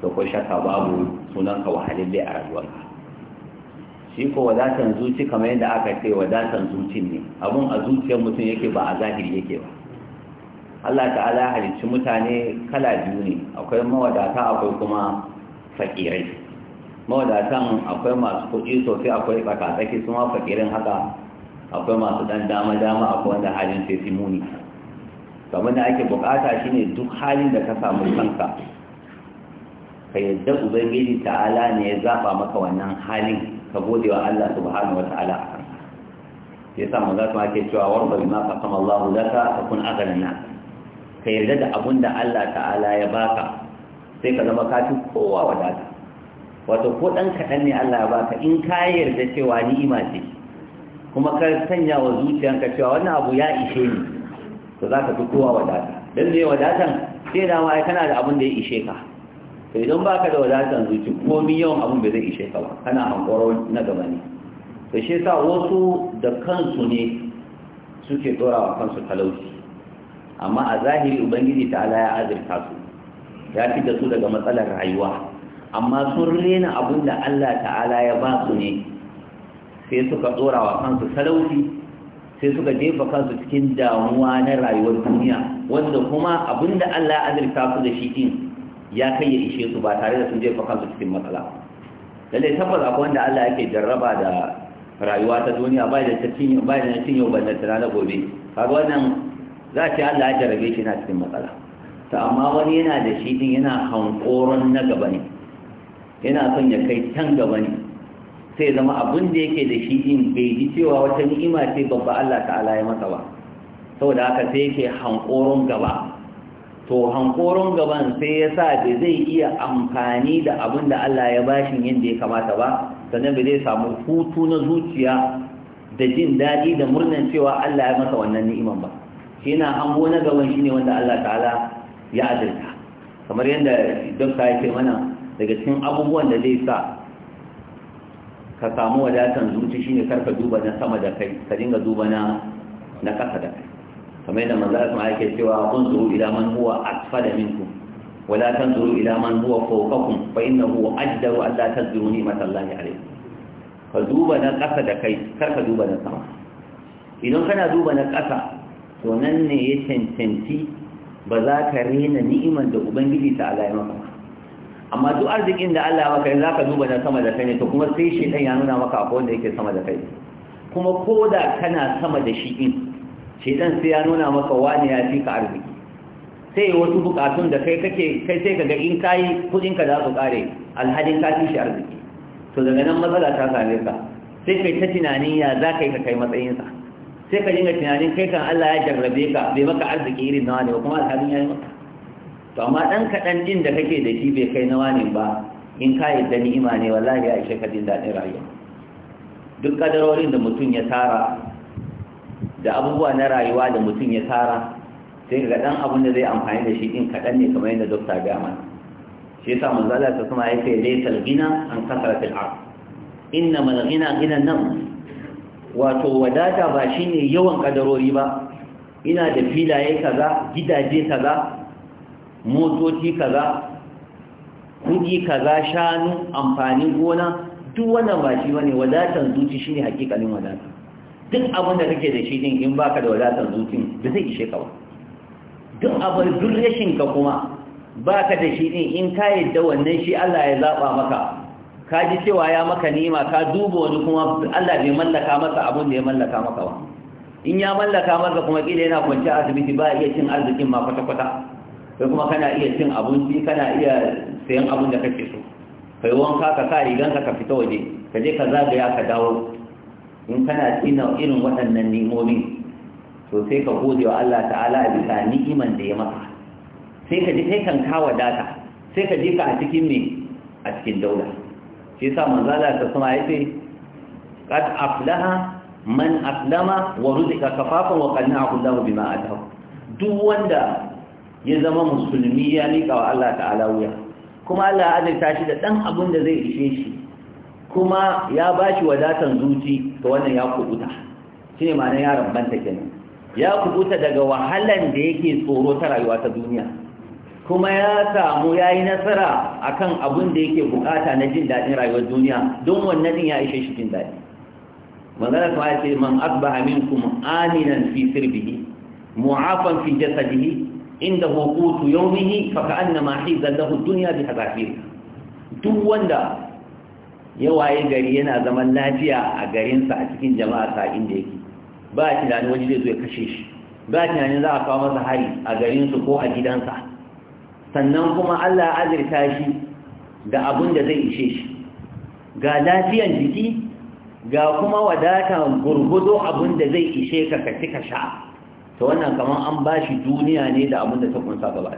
Speaker 3: da kwa shaka babu sunan ka wahalalle a rayuwarsa shi ko wadatan zuci kamar yadda aka ce wadatan zuci ne abun a zuciyar mutum yake ba a zahiri yake ba Allah ta'ala ya halicci mutane kala biyu ne akwai mawadata akwai kuma fakirai mawadatan akwai masu kuɗi sosai akwai tsakatsaki suma fakirin haka akwai masu dan dama dama akwai wanda halin sai fi muni kamar da ake bukata shine duk halin da ka samu kanka ka yadda ubangiji ta'ala ne ya zaba maka wannan halin ka gode wa Allah subhanahu wataala akan ya sa manzo kuma ake cewa warba ma qasama Allahu laka akun aghlan nas ka yarda da abun da Allah ta'ala ya baka sai ka zama ka ci kowa wadata wato ko dan kaɗan ne Allah ya baka in ka yarda cewa ni'ima ce kuma ka sanya wa zuciyanka cewa wannan abu ya ishe ni to zaka fi kowa wadata dan ne wadatan sai da wai kana da abun da ya ishe ka to idan baka da wadatan zuci komai yawan abin bai zai ishe ka ba kana hankoro na gaba ne to shi yasa wasu da kansu ne suke dorawa kansu talauci amma a zahiri ubangiji ala ya azurta su ya fi da su daga matsalar rayuwa amma sun rena abin da Allah ta'ala ya ba su ne sai suka tsora wa kansu talauci sai suka jefa kansu cikin damuwa na rayuwar duniya wanda kuma abin da Allah ya azurta su da shi din ya kai ya ishe su ba tare da sun jefa kansu cikin matsala lalle tabbas akwai wanda Allah yake jarraba da rayuwa ta duniya bai da ta cinye bai da yau tana da gobe kaga wannan za ce Allah ya jarrabe shi na cikin matsala to amma wani yana da shi din yana hankoron na gaba ne yana son ya kai can gaba ne sai zama abin da yake da shi din bai ji cewa wata ni'ima ce babba Allah ta'ala ya masa ba saboda haka sai yake hankoron gaba to hankoron gaban sai ya sa da zai iya amfani da abin da Allah ya bashin yadda ya kamata ba sannan ba zai samu hutu na zuciya da jin daɗi da murnan cewa Allah ya masa wannan ni'iman ba shi na hango na gaban shi ne wanda Allah ta'ala ya adalta kamar yadda dokta ya ce mana daga cikin abubuwan da zai sa ka samu wadatan zuci shine karka duba na sama da kai ka dinga duba na na ƙasa da kai kamar yadda manzo Allah yake cewa unzuru ila man huwa asfala minkum wa la tanzuru ila man huwa fawqakum fa innahu ajdaru an la tazuru ni'matallahi alaykum ka duba na ƙasa da kai kar ka duba na sama idan kana duba na ƙasa to nan ne ya cancanci ba za ka rena ni'imar da ubangiji ta Allah ya maka amma duk arzikin da Allah ya maka za ka duba na sama da kai ne to kuma sai shi shedan ya nuna maka akwai wanda yake sama da kai kuma ko da kana sama da shi din. shedan sai ya nuna maka wani ya fi ka arziki sai wasu bukatun da kai kake kai sai ga in kayi kudin ka za su kare alhadin ka fi shi arziki to daga nan matsala ta same ka sai kai ta tunanin ya za kai ka kai matsayinsa sai ka dinga tunanin kai kan Allah ya jarrabe ka bai maka arziki irin nawa ne ba kuma alhalin ya yi maka to amma dan kaɗan din da kake da shi bai kai nawa ne ba in ka yi da ni'ima ne wallahi ya ishe ka jin daɗin rayuwa duk kadarorin da mutum ya tara da abubuwa na rayuwa da mutum ya tara sai ga dan abin da zai amfani da shi din kadan ne kamar yadda dokta ga mana shi yasa Manzala Allah ta kuma yake laysal ghina an kasratil ard inna mal ghina ghina nam wato wadata ba shine yawan kadarori ba ina da filaye kaza gidaje kaza motoci kaza kuɗi kaza shanu amfanin gona duk wannan ba shi bane wadatan zuci shine hakikalin wadata duk abin da kake da shi din in baka da wadatar zuci ba zai ishe ka ba
Speaker 2: duk abin duk
Speaker 3: rashin ka kuma baka da shi din in ka yadda wannan shi Allah ya zaba maka ka ji cewa ya maka nima ka duba wani kuma Allah bai mallaka masa abin da ya mallaka maka ba in ya mallaka masa kuma kila yana kwanci a asibiti ba iya cin arzikin ma kwata-kwata sai kuma kana iya cin abinci kana iya sayan abin da kake so kai wanka ka sa riganka ka fita waje ka je ka zagaya ka dawo in kana tina irin waɗannan nimomi? to sai ka gode wa Allah ta'ala a bisa ni'iman da ya maka sai ka ji kai kan kawo data sai ka ji ka a cikin me a cikin daula shi yasa manzala ta sama yace qad aflaha man aflama wa ruzika kafafan wa qanna'ahu Allah bima atahu duk wanda ya zama musulmi ya mika wa Allah ta'ala wuya kuma Allah ya azurta shi da dan abun da zai ishe shi kuma ya bashi wadatan zuci to wannan ya kubuta shine yaron ya rabanta kenan ya kubuta daga wahalan da yake tsoro ta rayuwa ta duniya kuma ya samu ya yi nasara akan abun da yake bukata na jin daɗin rayuwar duniya don wannan din ya ishe shi jin daɗi. magana ya ce man asbaha kuma aminan fi sirbihi mu'afan fi jasadihi inda hukutu faka fa ka'annama hizan zallahu duniya bi hazafi duk wanda yawaye gari yana zaman lafiya a garinsa a cikin jama'a sa inda yake ba a tunanin wani zai zo ya kashe shi ba a tunanin za a kawo masa hari a garinsu ko a gidansa sannan kuma allah azirta shi da abun da zai ishe shi ga lafiyan jiki ga kuma wadatan gurgudo abun da zai ishe ka ka cika sha to wannan kamar an bashi duniya ne da abun da ta kunsa gaba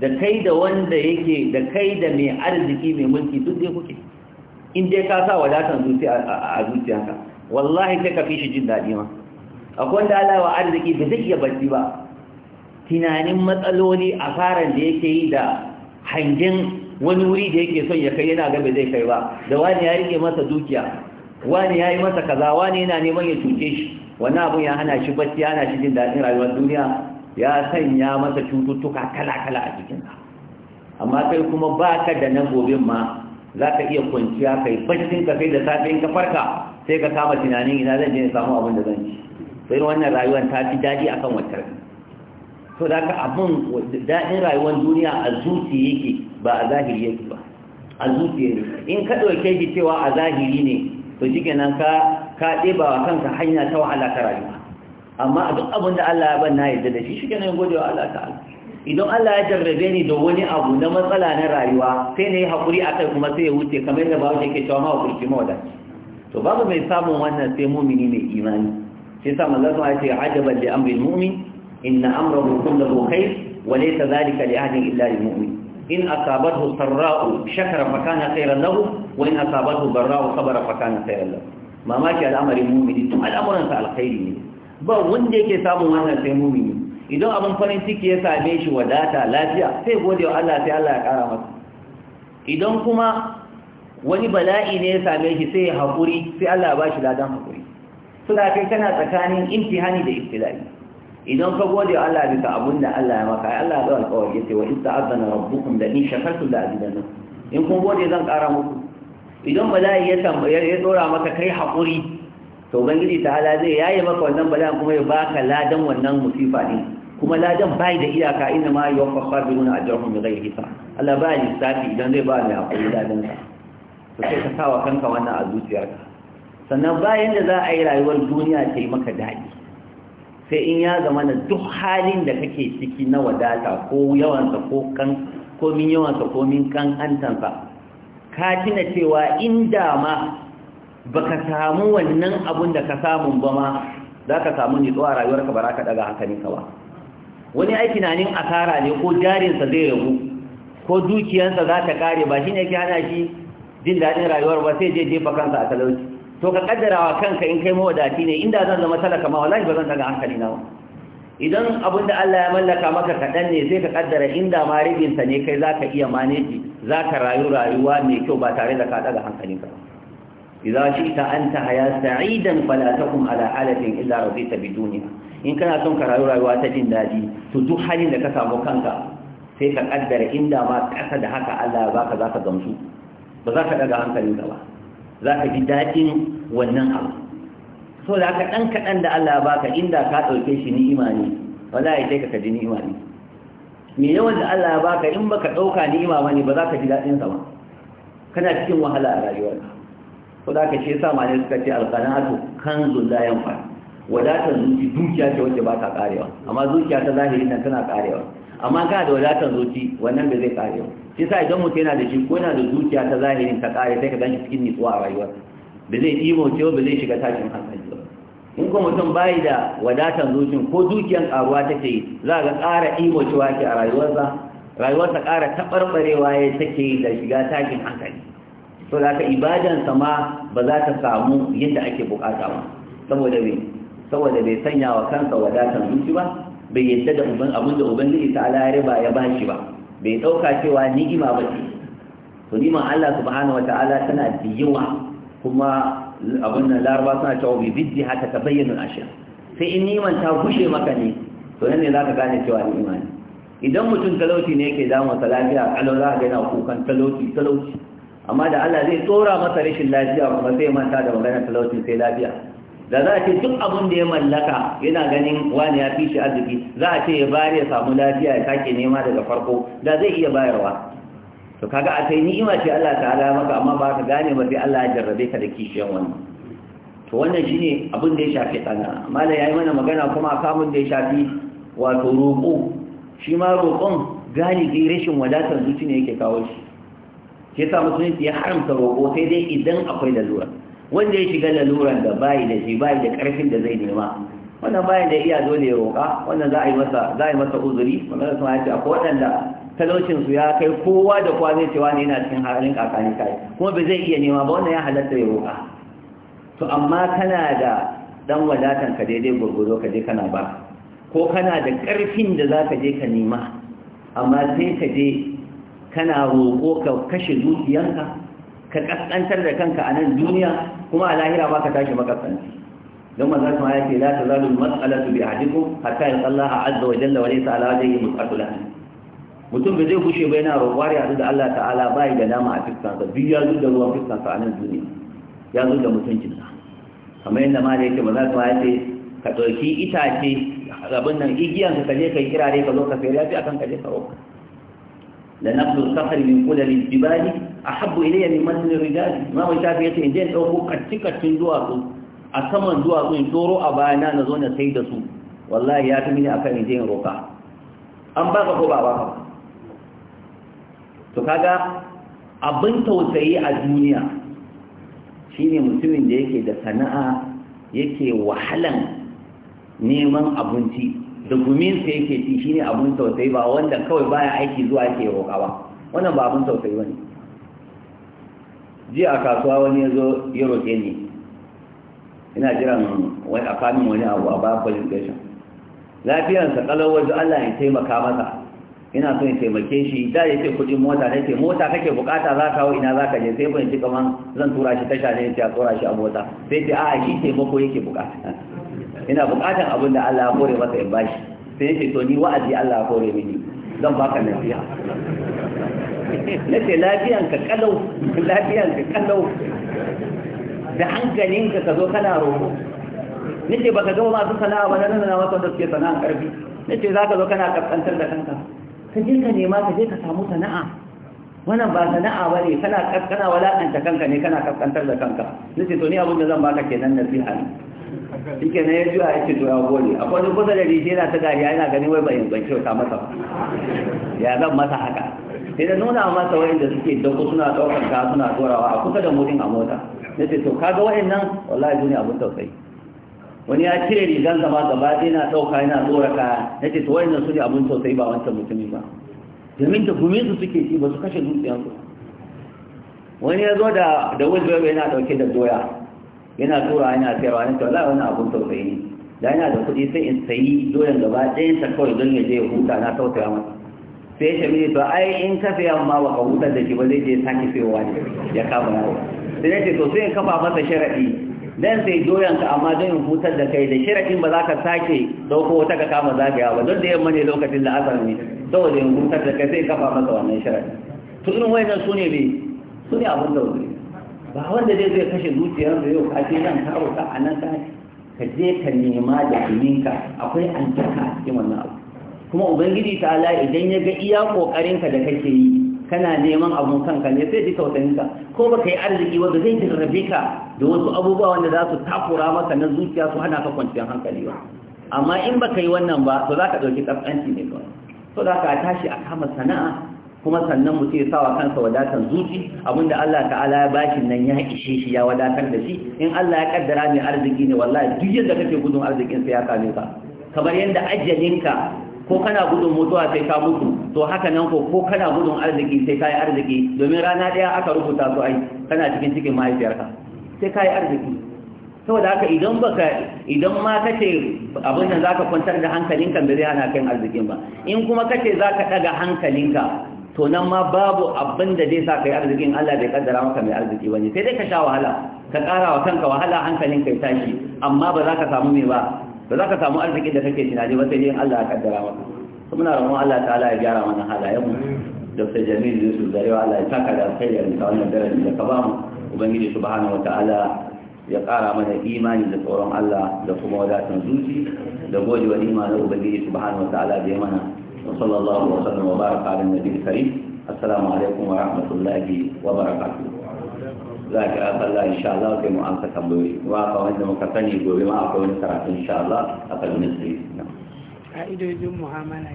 Speaker 3: da kai da wanda yake da kai da mai arziki mai mulki duk dai kuke in dai ka sa wadatan zuciya a zuciyanka wallahi sai ka fi shi jin daɗi ma akwai wanda Allah arziki ba zai iya barci ba tunanin matsaloli a faran da yake yi da hangen wani wuri da yake son ya kai yana ga ba zai kai ba da wani ya rike masa dukiya wani ya yi masa kaza wani yana neman ya cuce shi wannan abun ya hana shi bacci yana hana shi jin daɗin rayuwar duniya ya sanya masa cututtuka kala-kala a jikinsa amma kai kuma ba ka da na gobe ma za ka iya kwanciya kai baccin ka sai da safe ka farka sai ka kama tunanin ina zan je samu abin da zan ci sai wannan rayuwar ta fi daɗi akan wancan to da ka abin daɗin rayuwar duniya a zuci yake ba a zahiri yake ba a zuci ne in ka ɗauke shi cewa a zahiri ne to shi kenan ka ka ɗeba wa kanka hanya ta wahala ta rayuwa amma a duk abin da Allah ya ban na yarda da shi shi nan gode wa Allah ta'ala idan Allah ya jarrabe ni da wani abu na matsala na rayuwa sai na yi haƙuri a kai kuma sai ya wuce kamar yadda bawo ke cewa ma haƙuri ma to babu mai samun wannan sai mumini mai imani sai sa manzo sun ce ajaban li amri almu'min inna amrahu kulluhu khair wa laysa dhalika li ahadin illa lil mu'min in asabathu sarra'u shakara fa kana khairan lahu wa in asabathu barra'u sabara fa kana khairan lahu mamaki al'amarin mumini to al'amuran sa alkhairi ne ba wanda yake samun wannan sai mumini idan abin farin ciki ya same shi wadata lafiya sai gode wa Allah sai Allah ya kara masa idan kuma wani bala'i ne ya same shi sai ya haƙuri sai Allah ya ba shi ladan haƙuri suna kai kana tsakanin imtihani da ibtila'i idan ka gode wa Allah bisa abun da Allah ya maka Allah ya zama kawai yace wa ista'adana rabbukum da in shakartum la azidannakum in kun gode zan kara muku idan bala'i ya tambayar ya dora maka kai haƙuri to ubangiji ta'ala zai yaye maka wannan bala'in kuma ya baka ladan wannan musifa din kuma ladan bai da iyaka inna ma yuwaffa sabiruna ajrahum bighairi hisab Allah ba ni idan zai ba ni hakuri ladan sa to sai ka wa kanka wannan a zuciyarka sannan bayan da za a yi rayuwar duniya ta yi maka daɗi sai in ya zama na duk halin da kake ciki na wadata ko yawansa ko kan komin yawansa kan kankantansa ka tuna cewa inda ma baka samu wannan abun da ka samun ba ma za ka samu nitsuwa rayuwarka ba za ka daga hankalinka ba wani aiki na tunanin asara ne ko jarinsa zai rabu ko dukiyarsa za ta kare ba shi ne ke hana shi jin daɗin rayuwar ba sai je jefa kansa a talauci to ka kaddarawa kanka in kai mawadaci ne inda zan zama talaka ma wallahi ba zan daga hankali nawa idan abin da Allah ya mallaka maka kaɗan ne sai ka kaddara inda ma ribinsa ne kai za ka iya maneji za ka rayu rayuwa mai kyau ba tare da ka ɗaga hankali idan shi ta an ta haya sa'idan falatakun ala halatin illa rabita duniya. in kana son ka rayu rayuwa ta jin daɗi to duk halin da ka samu kanka sai ka kaddara inda ma kasa da haka Allah ya baka za ka gamsu ba za ka daga ka ba za ka ji daɗin wannan abu so da haka ɗan kaɗan da Allah ya baka inda ka ɗauke shi ni'ima ne wallahi sai ka ji ni'ima ne me yawan da Allah ya baka in baka ɗauka ni'ima ba ne ba za ka ji daɗin sa ba kana cikin wahala a rayuwarka ko da ka ce sa malai suka ce alqanatu kanzu la yanfa'u wadatar zuci dukiya ce wacce ba ta karewa amma zuciya ta zahiri nan tana karewa amma kana da wadatar zuci wannan bai zai karewa shi sa idan mutum yana da shi ko yana da zuciya ta zahirin ta kare sai ka ganshi cikin nutsuwa a rayuwar ba zai imo ce ba zai shiga tashin hankali ba in kuma mutum bai da wadatar zucin ko dukiyan karuwa take yi za ga kara imo cewa ke a rayuwarsa rayuwarsa kara tabarbarewa ya take yi da shiga tashin hankali to da ka ibadansa ma ba za ta samu yadda ake bukata ba saboda me saboda bai sanya wa kansa wadatar zuci ba bai yadda da uban abin da ubangiji ta ala ba ya ba shi ba bai ɗauka cewa ni'ima ba ce to niman Allah subhanahu wataala tana da kuma abin nan laraba suna cewa bi biddi haka ta bayyana ashir sai in niman ta gushe maka ne to nan za ka gane cewa ni'ima ne idan mutum talauci ne yake damu sa lafiya kalau za ka yana kukan talauci talauci amma da Allah zai tsora masa rashin lafiya kuma sai manta da maganar talauci sai lafiya da za a ce duk abin da ya mallaka yana ganin wani ya fi shi arziki za a ce ya bayar ya samu lafiya ya sake nema daga farko da zai iya bayarwa to kaga a kai ni'ima ce Allah ta ta'ala maka amma ba ka gane ba sai Allah ya jarrabe ka da kishiyan wannan to wannan shine abin da ya shafi tsana mala yayi mana magana kuma kamun da ya shafi wato roƙo shi ma roƙon galibi rashin wadatar zuci ne yake kawo shi ke sa musulunci ya haramta roƙo sai dai idan akwai lalura wanda ya shiga laluran da bayi da shi bayi da karfin da zai nema wannan bayan da iya dole ya roƙa wannan za a yi masa uzuri wannan kuma ya ce akwai waɗanda talaucin ya kai kowa da kowa zai cewa ne yana cikin halin kakani kai kuma bai zai iya nema ba wannan ya halatta ya roƙa to amma kana da dan wadatan ka daidai gurgudo ka je kana ba ko kana da karfin da za ka je ka nema amma sai ka je kana roƙo ka kashe zuciyanka ka kaskantar da kanka a nan duniya kuma a lahira ba ka tashi makasanci don manzo kuma ya ce la tazalu mas'alatu bi ahadikum hatta yalqa Allah azza wa jalla wa laysa ala wajhihi mutqatula mutum bai zai gushe ba yana roƙwari a da Allah ta'ala ba yi da dama a fiskansa duk ya zo da ruwan fiskansa a nan duniya ya zo da mutuncinsa kamar yadda ma da yake manzo kuma ya ce ka ɗauki itace abin nan igiyan ka je ka yi kirare ka zo ka sayar ya fi akan ka je ka roƙa لنقل الصخر من قلل الجبال أحب إلي من مثل الرجال ما هو شافي يتي إن جين أوكو كتكة تندواتو أسمن دواتو إن تورو أبانا نزون سيدسو والله ياتي مني أكا إن جين روكا أم باقا كوبا باقا تكاقا abin tausayi a duniya شيني مسلمين da yake da sana'a yake wahalan neman abinci da gumin sa yake ci shine abun tausayi ba wanda kawai baya aiki zuwa yake roƙa ba wannan ba abun tausayi bane ji a kasuwa wani ya zo ya roƙe ni ina jiran wani a kamin wani abu a ba police station lafiyarsa kalau wajen Allah ya taimaka masa ina son ya taimake shi da ya ce kudin mota na ce mota kake bukata za ka ina za ka je sai ban ci kaman zan tura shi tasha ne ya tura shi a mota sai ce a shi taimako yake bukata ina bukatan abin da Allah ya kore masa in bashi sai yake to ni wa'azi Allah ya kore mini zan baka nasiha
Speaker 1: nace lafiyan
Speaker 3: ka kalau lafiyan ka kalau da hankalin ka ka zo kana roƙo nace baka ga masu sana'a ba nan na wasu da suke sana'a karfi nace zaka zo kana kaskantar da kanka ka je ka nema ka je ka samu sana'a wannan ba sana'a ba ne kana kaskana walakanta kanka ne kana kaskantar da kanka nace to ni abin da zan baka kenan nasiha ne shike ne ya juya ya ce to ya gode akwai wani kusa da rishe yana ta gari yana ganin wai bayan ban kyauta masa ya zan masa haka sai da nuna masa da suke dauko suna daukar ka suna tsorawa a kusa da mutum a mota na ce to kaga wa'innan wallahi duniya abin tausayi wani ya cire rigan zama gaba ɗaya yana ɗauka yana tsora ka na ce to wa'innan su ne abin tausayi ba wancan mutumin ba domin da gumin su suke ci ba su kashe zuciyarsu wani ya zo da da wuzbewa yana ɗauke da doya yana tura yana sayarwa ne to Allah wani abun tausayi ne da yana da kuɗi sai in sayi doyan gaba ɗayan ta kawai don ya je ya huta na tausaya masa sai shi ne to ai in ka saya ma ba ka hutar da shi ba zai je sake sayowa ne ya kama yawo sai ya ce to sai in kafa masa sharaɗi dan sai doyan ka amma don in hutar da kai da sharaɗin ba za ka sake ɗauko wata ka kama zagaya ba don da yamma ne lokacin da asar ne saboda in hutar da kai sai kafa masa wannan sharaɗi to irin wayannan su ne ne su ne da wuri ba wanda zai zai kashe zuciyar da yau kashe nan ka roƙa a nan ka je ka nema da ka akwai albarka a cikin wannan abu kuma ubangiji ta ala idan ya ga iya kokarinka da kake yi kana neman abun kanka ne sai ji ka. ko baka yi arziki wanda zai jirrabe ka da wasu abubuwa wanda za su takura maka na zuciya su hana ka kwanciyar hankali ba amma in baka yi wannan ba to za ka ɗauki ƙasƙanci ne ba. to za ka tashi a kama sana'a kuma sannan mutum ya sawa kansa wadatar zuci abinda Allah ta'ala ya bashi nan ya ishe shi ya wadatar da shi in Allah ya kaddara mai arziki ne wallahi duk yadda kake gudun arzikin sa ya same ka kamar yadda ajalinka ko kana gudun mutuwa sai ka mutu to haka nan ko ko kana gudun arziki sai ka arziki domin rana ɗaya aka rubuta su ai kana cikin cikin mahaifiyarka sai ka yi arziki saboda haka idan baka idan ma kace abin nan zaka kwantar da hankalinka ba zai hana kan arzikin ba in kuma kace zaka daga hankalinka to nan ma babu abin da zai sa kai arzikin Allah bai kaddara maka mai arziki wani sai dai ka sha wahala ka kara wa kanka wahala hankalin kai tashi amma ba za ka samu mai ba ba za ka samu arzikin da kake tunani ba sai dai Allah ya kaddara maka to muna roƙon Allah ta'ala ya gyara mana halayen mu Dr. Jamil Yusuf Zarewa Allah ya saka da alkhairi da wannan darajar da ka ba mu Ubangiji subhanahu wataala ya kara mana imani da tsoron Allah da kuma wadatun zuci da gode wa nima na Ubangiji subhanahu wataala da ya mana وصلى الله وسلم وبارك على النبي الكريم السلام عليكم ورحمة الله وبركاته
Speaker 1: ذاك الله إن شاء الله في مؤامسة كبيرة واقع وإنه مكتني يقول بما أقول إن شاء الله أقل من سريف
Speaker 2: عائد نعم. يجب معاملة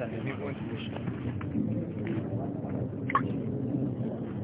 Speaker 1: جميعا نعم.